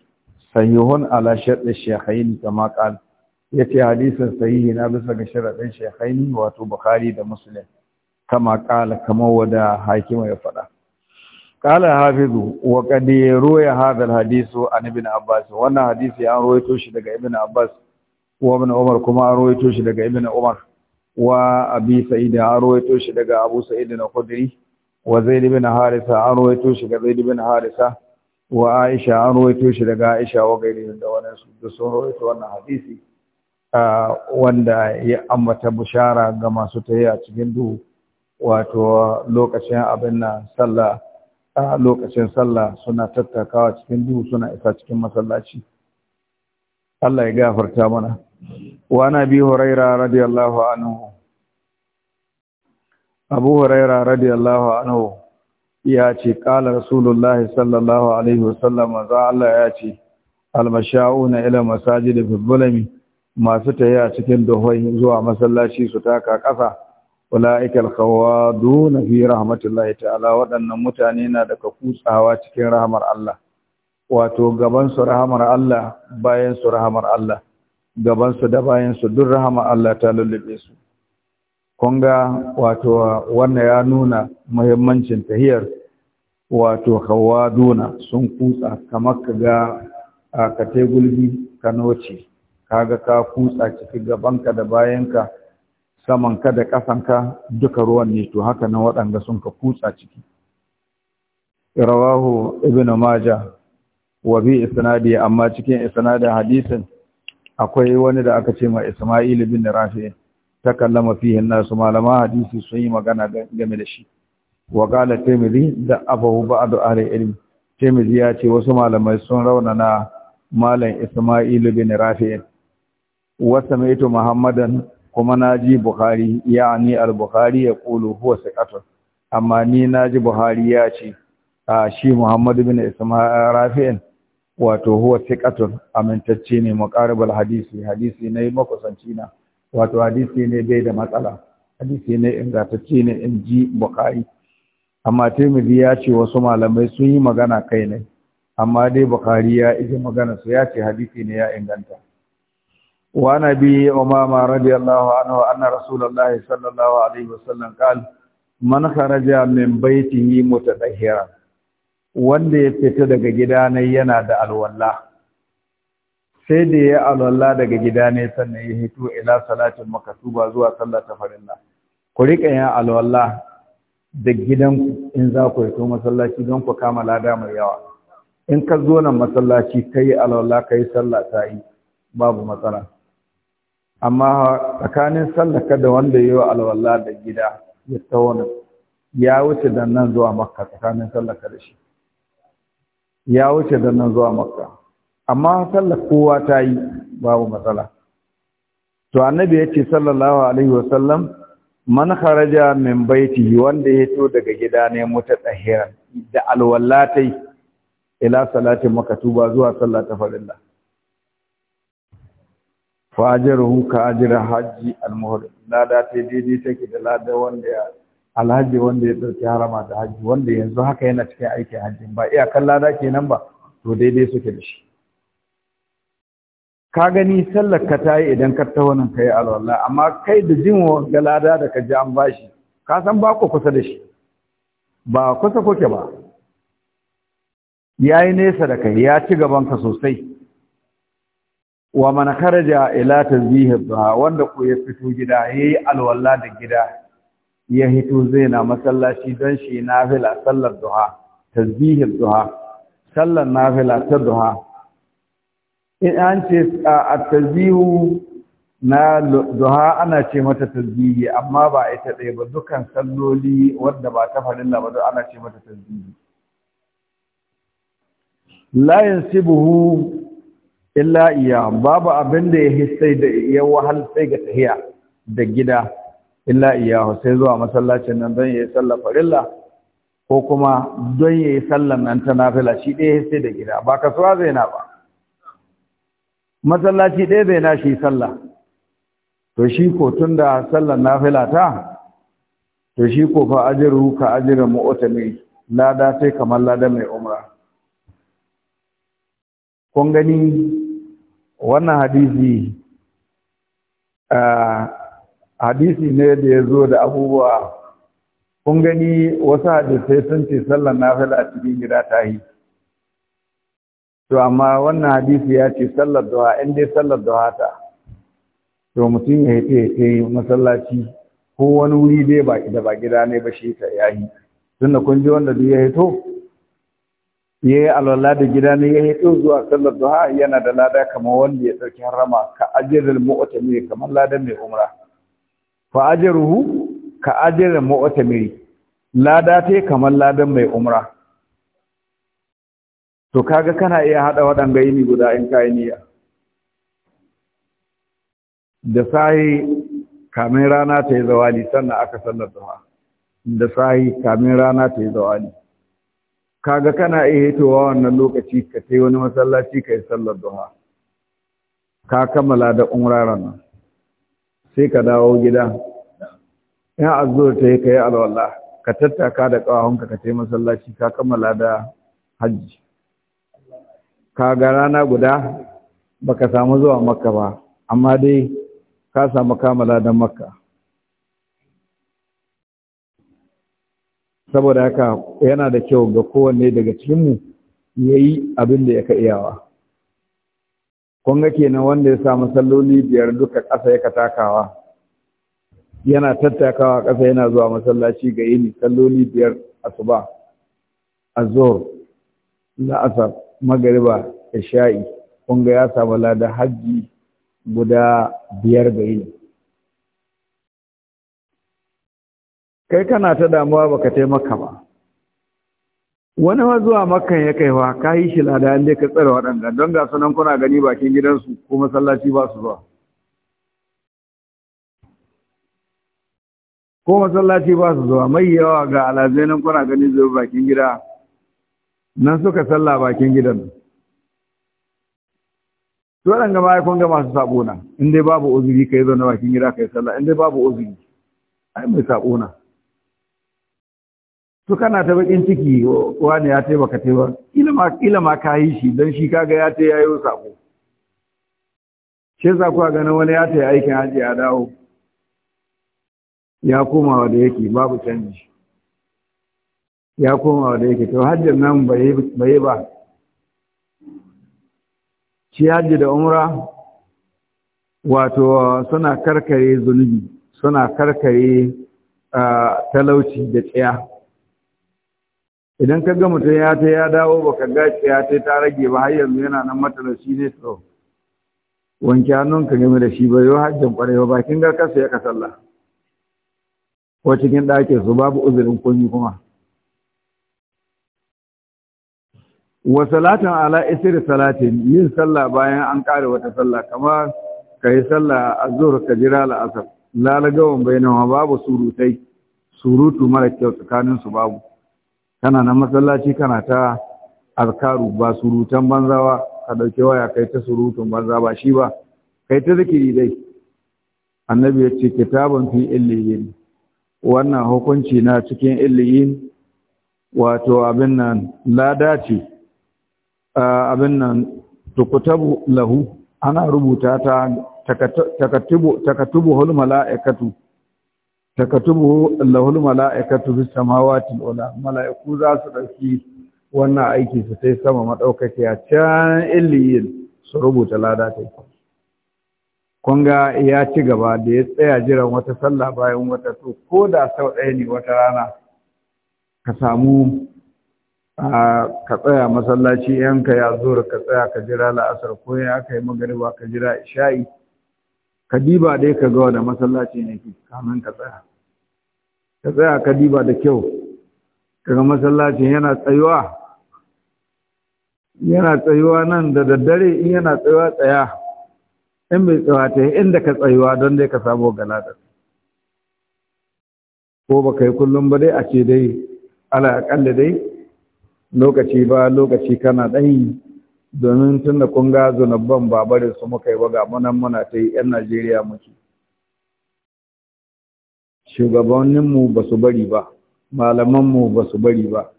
sahihun ala shart shaykhain kama qala yace hadisin sahihi na bisa ga sharadin shaykhain wato bukhari da muslim kama kala kamar wada hakima ya faɗa kala hafizu wa qad ruya hadha alhadithu an ibn abbas wannan hadisi an ruwaito shi daga ibn abbas wa ibn umar kuma an ruwaito shi daga ibn umar wa abi sa'id an ruwaito shi daga abu sa'id na khudri wa zaid ibn harisa an ruwaito shi daga zaid ibn harisa wa aisha an ruwaito shi daga aisha wa gairi da wannan su da sun ruwaito wannan hadisi wanda ya ambata bushara ga masu tayi cikin duhu wato lokacin abin nan sallah a lokacin sallah suna tattakawa cikin duhu suna isa cikin masallaci Allah ya gafarta mana wa nabi huraira radiyallahu anhu abu huraira radiyallahu anhu ya ce ƙala rasulullah sallallahu alaihi wasallam za Allah ya ce almasha'una ila masajidi fi bulami masu tayi a cikin duhoyi zuwa masallaci su taka ƙasa ulaika alkhawadun fi rahmatillahi ta'ala waɗannan mutane na daga kutsawa cikin rahmar Allah wato gaban su rahmar Allah bayan su rahmar Allah gaban su da bayan su duk rahmar Allah ta lullube su kun ga wato wannan ya nuna muhimmancin tahiyar wato hawaduna sun kutsa kamar kaga ga a kate gulbi ka noce kaga ka kutsa ciki gabanka da bayanka Saman ka da ka, duka ruwan ne to haka nan waɗanda sun ka kutsa ciki rawahu ibn majah wa bi isnadi amma cikin isnadin hadisin akwai wani da aka ce ma isma'il bin rafi ta kallama fihi nasu malama hadisi sun yi magana game da shi wa qala tirmidhi da Abu ba'd ahli ilm tirmidhi ya ce wasu malamai sun na malam isma'il bin rafi wa sami'tu muhammadan kuma na ji buhari ya ni al-buhari ya kulu, huwa sikatun amma ni naji ji buhari ya ce a shi muhammad bin isma'il rafi'in wato huwa sikatun amintacce ne muqaribul hadisi hadisi ne makusanci na wato hadisi ne bai da matsala hadisi ne ingantacce ne in ji bukhari amma tirmidhi ya ce wasu malamai sun yi magana kai ne amma dai bukhari ya ije magana su ya ce hadisi ne ya inganta وعن ابي امامه رضي الله عنه ان رسول الله صلى الله عليه وسلم قال man kharaja min baitihi mutatahhiran wanda ya fita daga gida ne yana da alwalla. sai da ya alwala daga gida ne sannan ya hito ila salatin makatuba zuwa sallar tafarilla ku rika yin alwalla da gidan in za ku hito masallaci don ku kama lada mai yawa in ka zo nan masallaci kai alwala kayi sallah ta yi babu matsala amma tsakanin sallaka da wanda ya yi wa alwala da gida ya tsawonin ya wuce da nan zuwa makka tsakanin sallaka da shi ya wuce da nan zuwa makka amma sallar kowa ta yi babu matsala to annabi ya ce sallallahu alaihi wasallam man kharaja min baitihi wanda ya to daga gida ne tsahiran da alwala ta yi. ila salati makatuba zuwa sallar ta farilla fa Huka ka ajri hajji al lada ta daidai take da lada wanda ya alhaji wanda ya dauki harama da haji wanda yanzu haka yana cikin aikin hajji ba iya kan lada kenan ba to daidai suke da shi ka gani sallar ka tayi idan ka ta wannan kai alwala amma kai da jin ga lada da ka ji an bashi ka san ba ku kusa da shi ba kusa kuke ba yayi nesa da kai ya ci gaban ka sosai wa man kharaja ila tazihi wanda ko ya fito gida yayi alwala da gida ya hito zai na masallaci dan shi nafila sallar duha tasbihi duha sallar nafila ta duha in an ce a tasbihu na duha ana ce mata tazihi amma ba ita ɗaya ba dukan salloli wanda ba ta la ba ana ce mata tazihi la yansibuhu illa iya babu abin da ya sai da ya wahal sai ga tahiya da gida illa iya sai zuwa masallacin nan don ya yi sallar farilla ko kuma don ya yi sallar nan ta nafila shi ɗaya sai da gida ba kasuwa zai na ba masallaci ɗaya zai na shi sallah to shi ko tun da sallar nafila ta to shi ko fa ajiru ka ajirin mai lada sai kamar lada mai umra kun gani wannan hadisi hadisi ne da ya zo da abubuwa kun gani wasu hadisai sun ce sallar nafila a cikin gida ta yi to amma wannan hadisi ya ce sallar da in dai sallar duha ta to mutum ya hete ya masallaci ko wani wuri dai ba ba gida ne ba shi ta yayi tunda kun ji wanda duk ya to? ya yi alwala da gida ne ya yi zuwa sallar duha yana da lada kamar wanda ya ɗauki harama ka ajiyar mu'tamiri kamar ladan mai umra fa ajruhu ka ajiyar mu'tamiri lada ta kamar ladan mai umra to kaga kana iya haɗa waɗanda yini guda in yi niyya da sahi kamin rana ta yi zawali sannan aka sallar duha da sahi kamin rana ta yi zawali kaga kana iya hitowa wannan lokaci ka tai wani masallaci ka yi sallar duha ka kammala da umraran nan sai ka dawo gida in azur ta yi ka yi alwallah ka tattaka da ƙawahunka ka tai masallaci ka kammala da hajji kaga rana guda baka samu zuwa makka ba amma dai ka samu kammala da makka saboda haka yana da kyau ga kowanne daga cikinmu ya yi abin da ya ka iyawa kun ga kenan wanda ya samu salloli biyar duka ƙasa ya takawa yana tattakawa ƙasa yana zuwa masallaci ga yini salloli biyar asuba Azur, la'asar magariba isha'i kun ga ya samu lada hajji guda biyar ga yini kai kana ta damuwa baka taimaka ba wani ma zuwa makan ya kaiwa ka yi shi lada inda ka tsara waɗanda don ga sunan kuna gani bakin gidansu ko masallaci ba su zuwa ko masallaci ba su zuwa mai yawa ga alazainin kuna gani zuwa bakin gida nan suka salla bakin gidan waɗanda ma ya kunga masu in inda babu uzuri ka yi zaune bakin gida ka yi salla inda babu uzuri ai mai sabona to kana ta bakin ciki wani ya taimaka taimaka ila ma ka yi shi don shi kaga ya ta yayo sako shin yasa kuwa ganin wani ya ta yi aikin hajji ya dawo ya komawa da yake babu canji ya komawa da yake to hajjin nan bai yi ba shi hajji da umra wato suna karkare zunubi suna karkare ah, talauci da tsaya idan ka ga mutum ya ta ya dawo ba ka ga ya ta ta rage ba har yanzu yana nan matalashi ne to wanke ka game da shi bai yau hajjin kwarai ba bakin ga kasa ya salla. ko cikin ɗakin su babu uzurin komi kuma wa salatan ala isri salatin yin sallah bayan an ƙare wata sallah kamar ka yi sallah a ka jira la'asar lalagawan bainawa babu surutai surutu mara kyau tsakanin su babu kana nan masallaci kana ta alkaru ba surutan banzawa ka dauke waya kai ta surutun banza ba shi ba kai ta zikiri dai annabi ya ce kitabun fi illiyin wannan hukunci na cikin illiyin wato abin nan lada ce abin nan tukutabu lahu ana rubuta ta takatubu hul mala'ikatu takatubu lahul mala'ikatu bis samawati ula mala'iku za su dauki wannan aiki su sai sama madaukake a can illiyin su rubuta lada ta kun ga ya ci gaba da ya tsaya jiran wata sallah bayan wata to ko da sau ɗaya ne wata rana ka samu ka tsaya masallaci yanka ya zo ka tsaya ka jira la'asar ko ya kai magariba ka jira isha'i Kadiba dai ka ga wani masallaci ne ke kamin ka tsaya ka tsaya kadiba da kyau kaga masallacin yana tsayuwa yana tsayuwa nan da daddare in yana tsayuwa tsaya in bai tsawa ta inda ka tsayuwa don dai ka samu galadar ko ba kai kullum ba dai a ce dai ala aƙalla dai lokaci ba lokaci kana ɗanyi domin tun da kun ga zunubban ba bare su muka yi ba ga munan muna ta yi 'yan Najeriya muke. Shugabanninmu ba su bari ba, malamanmu ba su bari ba,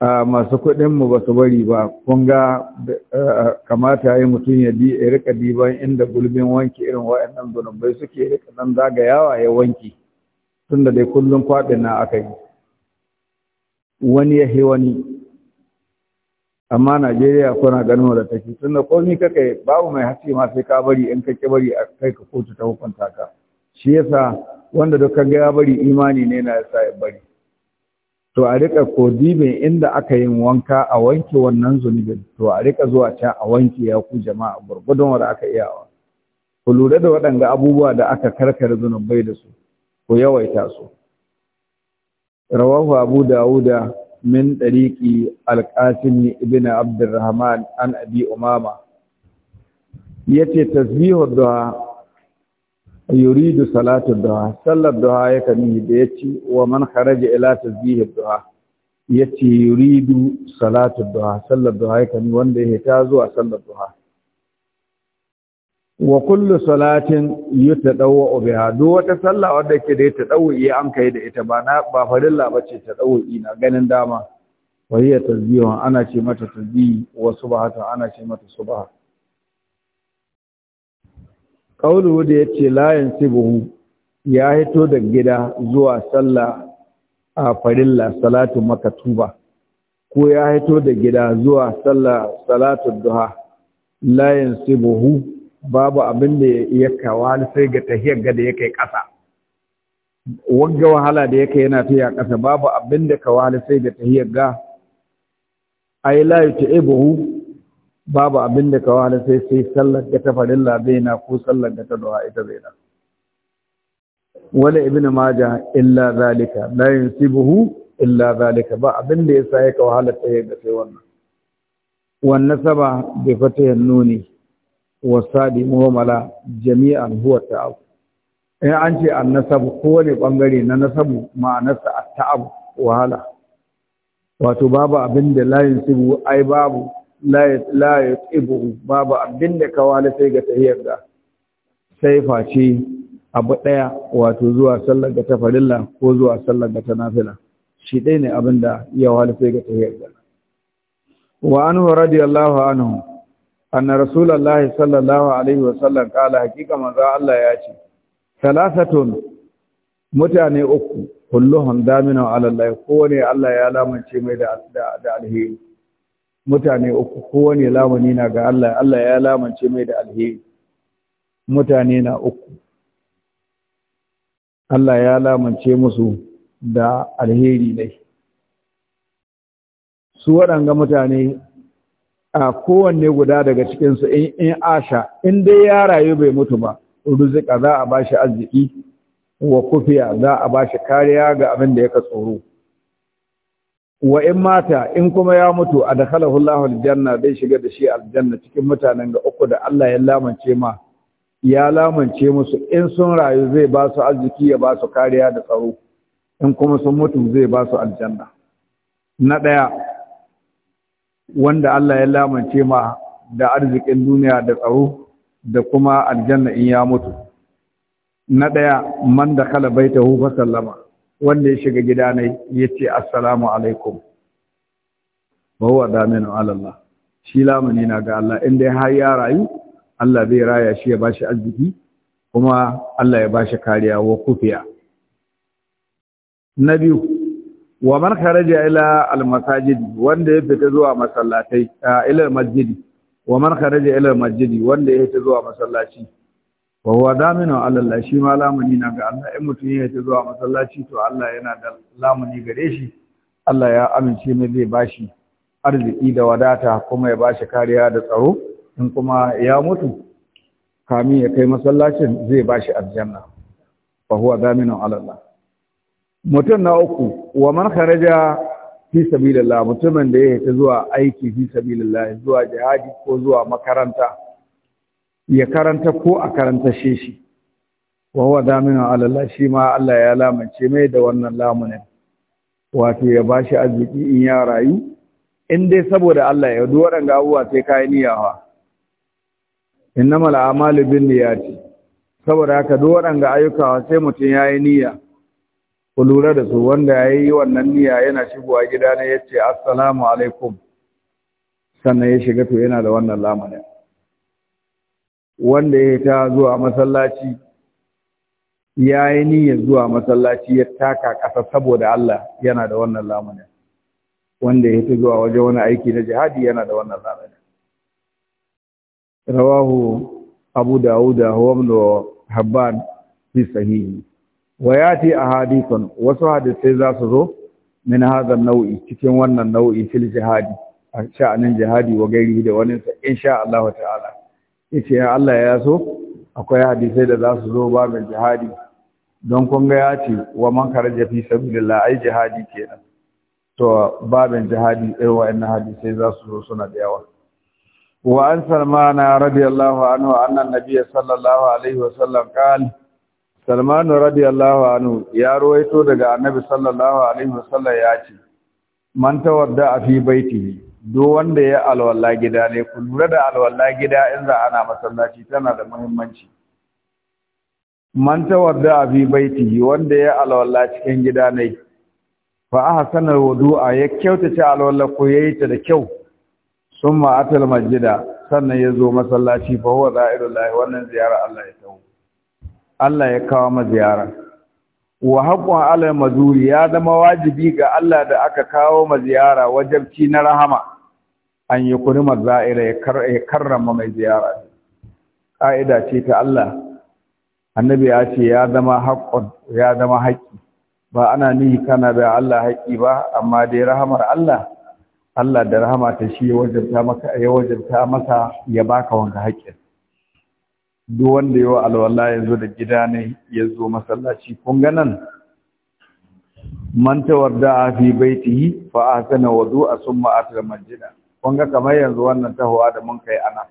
a masu kuɗinmu ba su bari ba, kun eh, kamata ya yi mutum ya rika diban inda gulbin wanki irin wa'annan zunubbai suke rika nan zagayawa ya wanki, tun da dai kullum kwaɗin na aka yi. Wani ya wani. amma najeriya kuna ganin wadda take tunda komi kake babu mai hasi ma sai ka bari in kake bari a kai ka kotu ta hukunta ka shi yasa wanda duk ga ya bari imani ne na yasa ya bari to a rika kodibin inda aka yin wanka a wanke wannan zunubin to a rika zuwa can a wanke ya ku jama'a gurgudun wanda aka iya wa ku lura da waɗanga abubuwa da aka karkare zunubai da su ku yawaita su rawahu abu dawuda min ɗariƙi alƙasim Ibin abdurrahman an abi umama ya ce tasbihu duha yuridu salatu duha sallar duha ya kani da ya ce man kharaja ila tasbihu duha ya ce yuridu salatu duha sallar duha ya kani wanda ya hita zuwa sallar duha wa kullu salatin yutadawwa biha duk wata sallah wadda ke da tadawwi an kai da ita ba na ba farilla bace tadawwi na ganin dama wa hiya tasbihun ana ce mata tasbih wa subhata ana ce mata subha kaulu da yace la yansibu ya hito da gida zuwa sallah a farilla salatu makatuba ko ya hito da gida zuwa sallah salatu duha la yansibu babu abin da ya kawa sai ga tahiyar ga da ya kai ƙasa wagga wahala da ya kai yana tahiya ƙasa babu abin da kawa sai ga tahiyar ga ai ta yutaibuhu babu abin da kawa sai sai sallar ga tafarin na, ko sallar ga ta dawa ita zai wani wala ma ja illa zalika la yunsibuhu illa zalika ba abin da yasa ya kawo halatta ya ga sai wannan wannan saba bi fatayan nuni wasali muhammala jami'an huwa ta'ab in an ce an nasabu kowane bangare na nasabu ma'anarsa a ta'ab wahala wato babu abin da layin sibu ai babu layin tsibu babu abin da kawala sai ga tahiyar da sai face abu ɗaya wato zuwa sallar ga ta farilla ko zuwa sallar ga ta nafila shi ɗaya ne abin da ya wala sai ga tahiyar da wa anhu radiyallahu anhu Ana rasulullahi sallallahu alaihi wasallam kala hakika manzo Allah ya ce salasatun mutane uku kulluhum daminu ala Allah kowane Allah ya lamance mai da alheri mutane uku kowane lamani na ga Allah Allah ya lamance mai da alheri mutane uku Allah ya lamance musu da alheri ne su waɗanga mutane a kowanne guda daga cikinsu in asha in dai ya rayu bai mutu ba ruzika za a bashi arziki wa kufiya za a bashi kariya ga abin da yaka tsoro wa in mata in kuma ya mutu a dakhalahu Allahu aljanna zai shiga da shi aljanna cikin mutanen ga uku da Allah ya lamance ma ya lamance musu in sun rayu zai ba su arziki ya ba su kariya da tsaro in kuma sun mutu zai ba su aljanna na ɗaya. wanda Allah ya lamance ma da arzikin duniya da tsaro da kuma aljanna in ya mutu na ɗaya man da kala bai hu fa sallama wanda ya shiga gida ne ya ce assalamu alaikum ba huwa daminu Allah. shi lamuni na ga Allah Inda dai har ya rayu Allah zai raya shi ya bashi arziki kuma Allah ya bashi kariya wa kufiya na biyu wa man kharaja ila al-masajid wanda ya fita zuwa masallatai ila al-masjid wa man kharaja ila al-masjid wanda ya fita zuwa masallaci wa huwa daminu ala Allah shi ma lamuni na ga Allah in mutum ya fita zuwa masallaci to Allah yana da lamuni gare shi Allah ya amince mai zai bashi arziki da wadata kuma ya bashi kariya da tsaro in kuma ya mutu kamin ya kai masallacin zai bashi aljanna fa huwa daminu ala Allah mutum na uku wa man kharaja fi sabilillah mutumin da ya ta zuwa aiki fi sabilillah zuwa jihadi ko zuwa makaranta ya karanta ko a karanta shi wa huwa damin ala Allah shi ma Allah ya lamance mai da wannan lamunin wato ya bashi arziki in ya rayu in dai saboda Allah ya duk waɗanda abubuwa sai kai niyawa innamal a'malu binniyati saboda haka duk ga ayyuka sai mutum yayi niyya ku lura da su wanda ya yi wannan niyya yana shigowa gida ne ya ce assalamu alaikum sannan ya shiga to yana da wannan lamarin wanda ya ta zuwa masallaci ya yi niyyar zuwa masallaci ya taka ƙasa saboda Allah yana da wannan lamarin wanda ya ta zuwa wajen wani aiki na jihadi yana da wannan lamarin rawahu abu dawuda wa ibn habban fi sahihi wa a ahadithun wasu hadisai za su zo min hadha nau'i cikin wannan nau'i fil jihadi a sha'anin jihadi wa gairi da wani sa insha Allah ta'ala yace ya Allah ya so akwai hadisai da za su zo babin jihadi don kun ga ya ce wa man karaja fi sabilillah ai jihadi kenan to babin jihadi irin wa'annan hadisai za su zo suna da yawa wa an salmana radiyallahu anhu anna nabiyya sallallahu alaihi wa sallam qala Salman radiyallahu anhu ya ruwaito daga Annabi sallallahu alaihi wasallam ya ce man tawadda fi baitihi do wanda ya alwala gida ne ku lura da alwala gida in za ana masallaci tana da muhimmanci man tawadda fi baitihi wanda ya alwala cikin gida ne fa ahsana wudu'a ya kyautace alwala ko yayi ta da kyau summa atal masjida sannan ya zo masallaci fa huwa za'irullahi wannan ziyara Allah ya tawo Allah ya kawo ma ziyara wa haqqun ala mazuri ya zama wajibi ga Allah da aka kawo ma ziyara wajabci na rahama an yi ma za'ira ya karrama mai ziyara ƙa'ida ce ta Allah annabi ya ce ya zama haƙƙon ya zama haƙƙi ba ana nihi kana da Allah haƙƙi ba amma dai rahamar Allah Allah da rahama ta shi ya wajabta masa ya baka wanga haƙƙin duk wanda yau alwala ya zo da gida ne ya zo masallaci kun ga mantawar da a fi baitihi fa ahsana wudu'a summa ata masjida kun ga kamar yanzu wannan tahowa da mun kai ana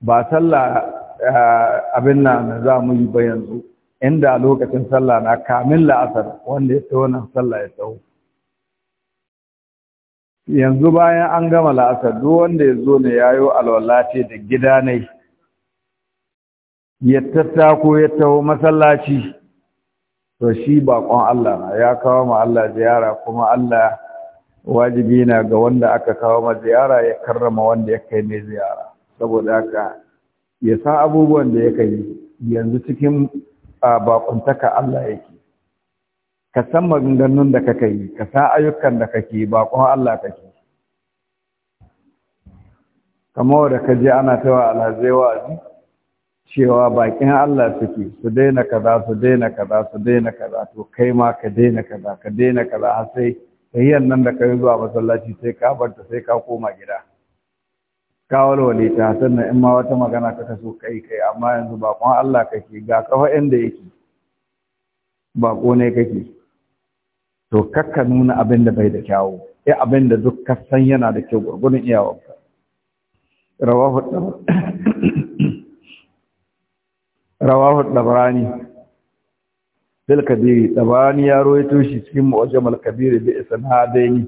ba sallah eh, abin na za mu yi ba yanzu inda lokacin sallah na kamin la'asar wanda ya taho sallah ya taho yanzu bayan an gama la'asar duk wanda ya zo ne yayo alwala ce da gida ne ya tattako ya taho masallaci to shi bakon Allah na ya kawo ma Allah ziyara kuma Allah wajibi na ga wanda aka kawo ma ziyara ya karrama wanda ya kai mai ziyara saboda haka ya san abubuwan da ya kai yanzu cikin bakuntaka Allah yake ka san maganganun da kaka yi ka san ayyukan da kake bakon kuma Allah kake kamar da je ana tawa alhazai wa'azi cewa bakin Allah suke su daina kaza su daina kaza su daina kaza to kai ma ka daina kaza ka daina kaza har sai tahiyyar nan da kai zuwa masallaci sai ka barta sai ka koma gida ka walwale ta sannan in ma wata magana ka kaso kai kai amma yanzu bakon Allah kake ga kafa inda yake bako ne kake to kakka nuna abin da bai da kyawu ya eh, abin da duk kasan yana da kyau gurgurun iyawarka rawahu rawahu dabrani bil kabiri dabrani ya rawaito shi cikin mu'jam al kabiri bi isnadaini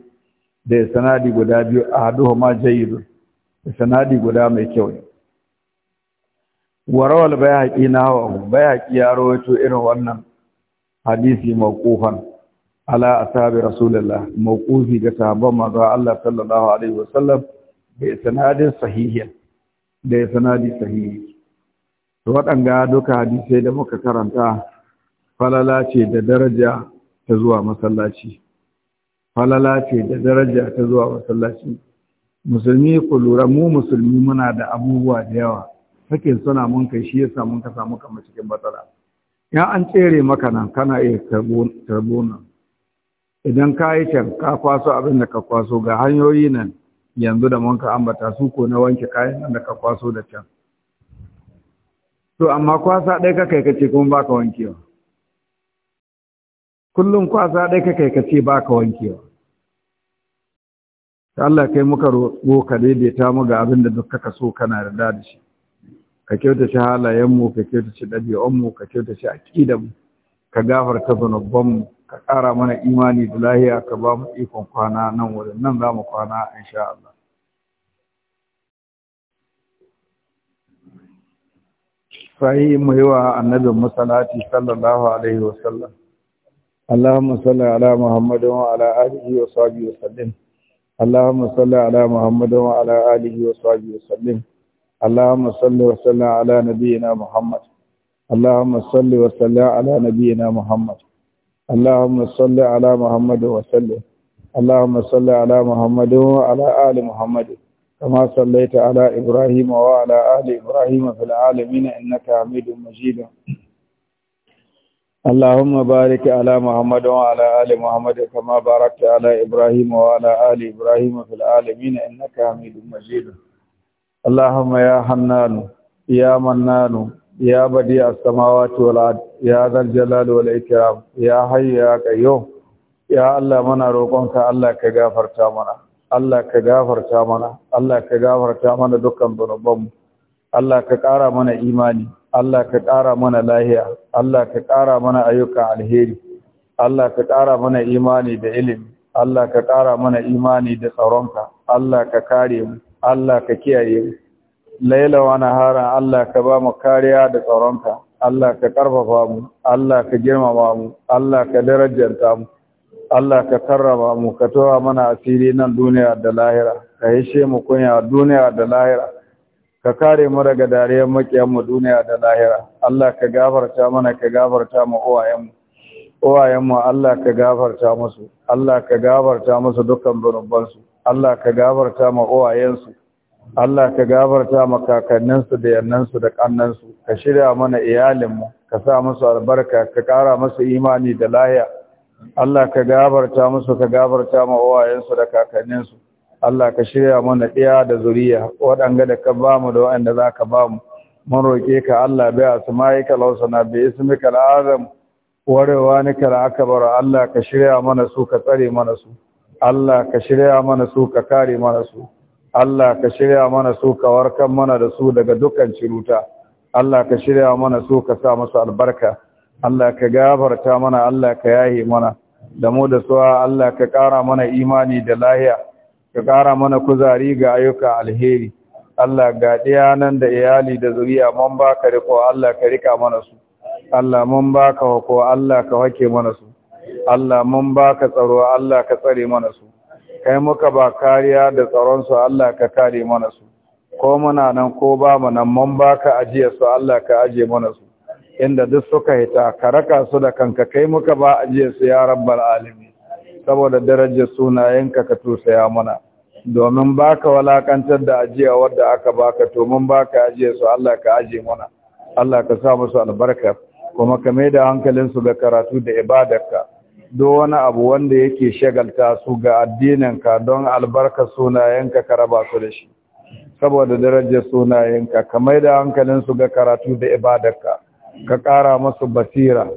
da sanadi guda biyu ma jayyid sanadi guda mai kyau ne warawal bayhaqi na hawa bayhaqi ya rawaito irin wannan hadisi mawqufan ala asabi rasulullah mawqufi ga sahabban manzo Allah sallallahu alaihi wasallam bi sanadin sahihin da sanadi sahihi to waɗanga duka hadisai da muka karanta falala ce da daraja ta zuwa masallaci falala ce da daraja ta zuwa masallaci musulmi ku lura mu musulmi muna da abubuwa da yawa sakin suna mun kai shi yasa mun ka samu kama cikin matsala in an tsere maka nan kana iya tarbo idan ka yi can ka kwaso abin da ka kwaso ga hanyoyi nan yanzu da mun ka ambata su ko na wanke kayan nan da ka kwaso da can to amma kwasa ɗaya ka kai ce kuma baka wankewa kullum kwasa ɗaya ka kai baka wankewa ta Allah kai muka roƙo ka daidaita mu ga abin da duk kaka so kana da da shi ka kyauta halayen mu ka kyautace mu ka kyautace aƙidanmu ka gafarta zanubbanmu ka ƙara mana imani da lahiya ka ba mu ikon kwana nan wurin nan za mu kwana insha Allah. Sahi mu yi wa annabin masalati sallallahu alaihi wa sallam. Allahumma salli ala Muhammadu wa ala alihi wa sahbihi wa sallim. Allahumma salli ala Muhammadu wa ala alihi wa sahbihi wa sallim. Allahumma salli wa sallim ala nabiyyina Muhammad. Allahumma salli wa sallim ala nabiyyina Muhammad. اللهم صل على محمد وسلم اللهم صل على محمد وعلى آل محمد كما صليت على إبراهيم وعلى آل إبراهيم في العالمين إنك حميد مجيد اللهم بارك على محمد وعلى آل محمد كما باركت على إبراهيم وعلى آل إبراهيم في العالمين إنك حميد مجيد اللهم يا حنان يا منان Ya بديع السماوات والأرض يا ذا الجلال والإكرام يا حي يا قيوم يا الله منا روقونك الله كغفرتا منا الله كغفرتا منا الله كغفرتا منا دكان ذنوبم الله ka منا mana. Allah ka ƙara mana lahiya, Allah ka ƙara mana ayyukan alheri, Allah ka ƙara mana imani da ilimi, Allah ka ƙara mana imani da tsaronka, Allah ka kare mu, Allah ka kiyaye mu, laila wa nahara Allah ka ba mu kariya da tsaronka Allah ka karfafa mu Allah ka girmama mu Allah ka darajanta mu Allah ka karrama mu ka towa mana asiri nan duniya da lahira ka hishe mu kunya duniya da lahira ka kare mu daga dariyar makiyan mu duniya da lahira Allah ka gafarta mana ka gafarta mu uwayen mu uwayen mu Allah ka gafarta musu Allah ka gafarta musu dukkan zunubansu Allah ka gafarta mu uwayen su Allah ka gafarta kakanninsu da yannansu da kannansu ka shirya mana iyalinmu ka sa musu albarka ka ƙara musu imani da lahiya Allah ka gafarta musu ka gafarta ma uwayensu da kakanninsu Allah ka shirya mana ɗiya da zuriya waɗanga da ka ba mu da waɗanda za ka ba mu mun roƙe ka Allah bai asma'ika lausana bi ismika al'azam warewa ni kala akbar Allah ka shirya mana su ka tsare mana su Allah ka shirya mana su ka kare mana su Allah ka shirya mana su ka warkar mana da su daga dukkan ciruta Allah ka shirya mana su ka sa masu albarka Allah ka gafarta mana Allah ka yahi mana da mu da suwa Allah ka ƙara mana imani da lahiya ka ƙara mana kuzari ga ayyuka alheri Allah ga ɗaya nan da iyali da zuriya mun baka riko Allah ka rika mana su Allah mun baka hako Allah ka wake mana su Allah mun baka tsaro Allah ka tsare mana su kai muka ba kariya da tsaron su Allah ka kare mana su ko muna nan ko ba mu nan mun baka ajiye su Allah ka ajiye mana su inda duk suka hita ka raka su da kanka kai muka ba ajiye su ya rabbal alamin saboda darajar sunayenka ka tusaya mana domin baka walakantar da ajiya wadda aka baka to mun baka ajiye su Allah ka ajiye mana Allah ka sa musu albarka kuma ka mai da su ga karatu da ka. duk wani abu wanda yake shagalta su ga addininka don albarka sunayenka ka raba su da shi saboda darajar sunayenka ka mai da hankalinsu ga karatu da ibadarka ka ƙara musu basira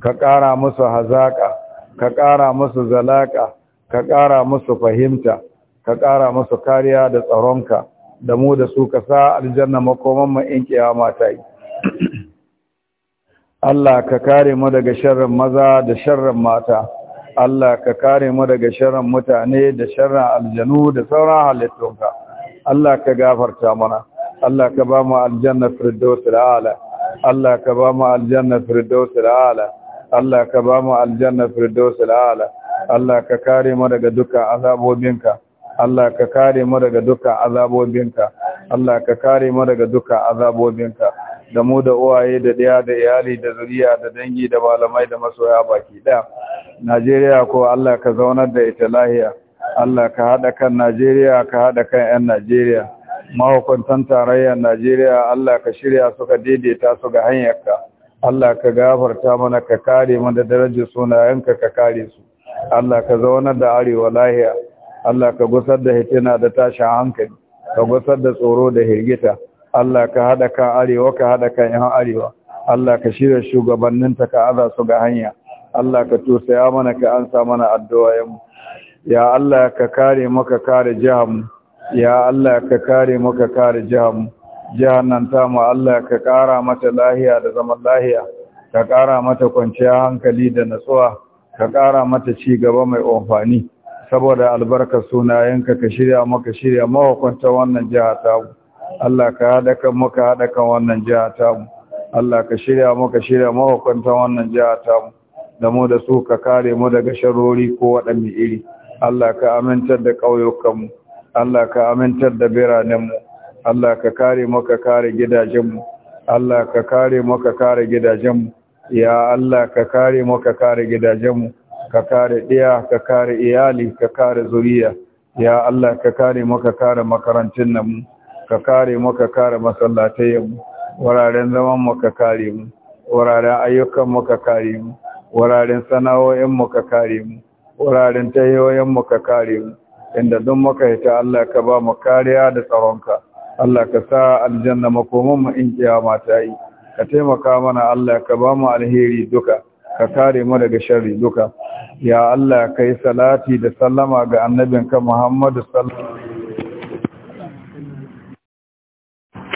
ka ƙara musu hazaƙa ka ƙara musu zalaƙa ka ƙara musu fahimta ka ƙara musu kariya da tsaronka da mu da su ka sa aljanna makomanmu in kiyama ta yi Allah ka kare mu daga sharrin maza da sharrin mata Allah ka kare mu daga sharrin mutane da sharrin aljanu da sauran halittunka Allah ka gafarta mana Allah ka ba mu aljanna firdaus ala Allah ka ba mu aljanna firdaus ala Allah ka ba mu aljanna firdaus ala Allah ka kare mu daga dukkan azabobinka Allah ka kare mu daga dukkan azabobinka Allah ka kare mu daga dukkan azabobinka da mu da uwaye da ɗaya da iyali da zuriya da dangi da malamai da masoya baki ɗaya najeriya ko allah ka zaunar da ita lahiya allah ka haɗa kan najeriya ka haɗa kan 'yan najeriya mahukuntan tarayyar najeriya allah ka shirya su ka daidaita su ga hanyarka allah ka gafarta mana ka kare mana darajar sunayenka ka kare su allah ka zaunar da arewa lahiya allah ka gusar da hitina da tashin hankali ka gusar da tsoro da hirgita Allah ka hada ka arewa ka haɗa ka yan arewa Allah ka shirya shugabanninta ka aza su ga hanya Allah ka ya mana ka ansa mana addu'a ya Allah ka kare maka kare mu, ya Allah ka kare maka kare jiham jihannan ta mu Allah ka kara mata lahiya da zaman lahiya ka kara mata kwanciyar hankali da natsuwa ka kara mata ci gaba mai amfani saboda albarkar sunayenka ka shirya maka shirya mahukunta wannan jiha ta mu Allah ka haɗa kan muka haɗa kan wannan jiha tamu Allah ka shirya muka shirya mahukuntan wannan jiha tamu da mu da su ka kare mu daga sharori ko waɗanne iri Allah ka amintar da ƙauyukanmu Allah ka amintar da biranenmu Allah ka kare mu ka kare gidajenmu Allah ka kare mu ka kare gidajenmu ya Allah ka kare mu ka kare gidajenmu ka kare ɗiya ka kare iyali ka kare zuriya ya Allah ka kare mu ka kare makarantun namu ka kare mu ka kare masallatayen wuraren zaman mu ka kare mu wuraren ayyukan mu ka kare mu wuraren sana'o'in mu ka kare mu wuraren tayoyin mu ka kare mu inda duk muka yi Allah ka ba mu kariya da tsaronka Allah ka sa aljanna komo mu in kiyama ta yi ka taimaka mana Allah ka ba mu alheri duka ka kare mu daga sharri duka ya Allah kai salati da sallama ga annabinka Muhammadu sallallahu alaihi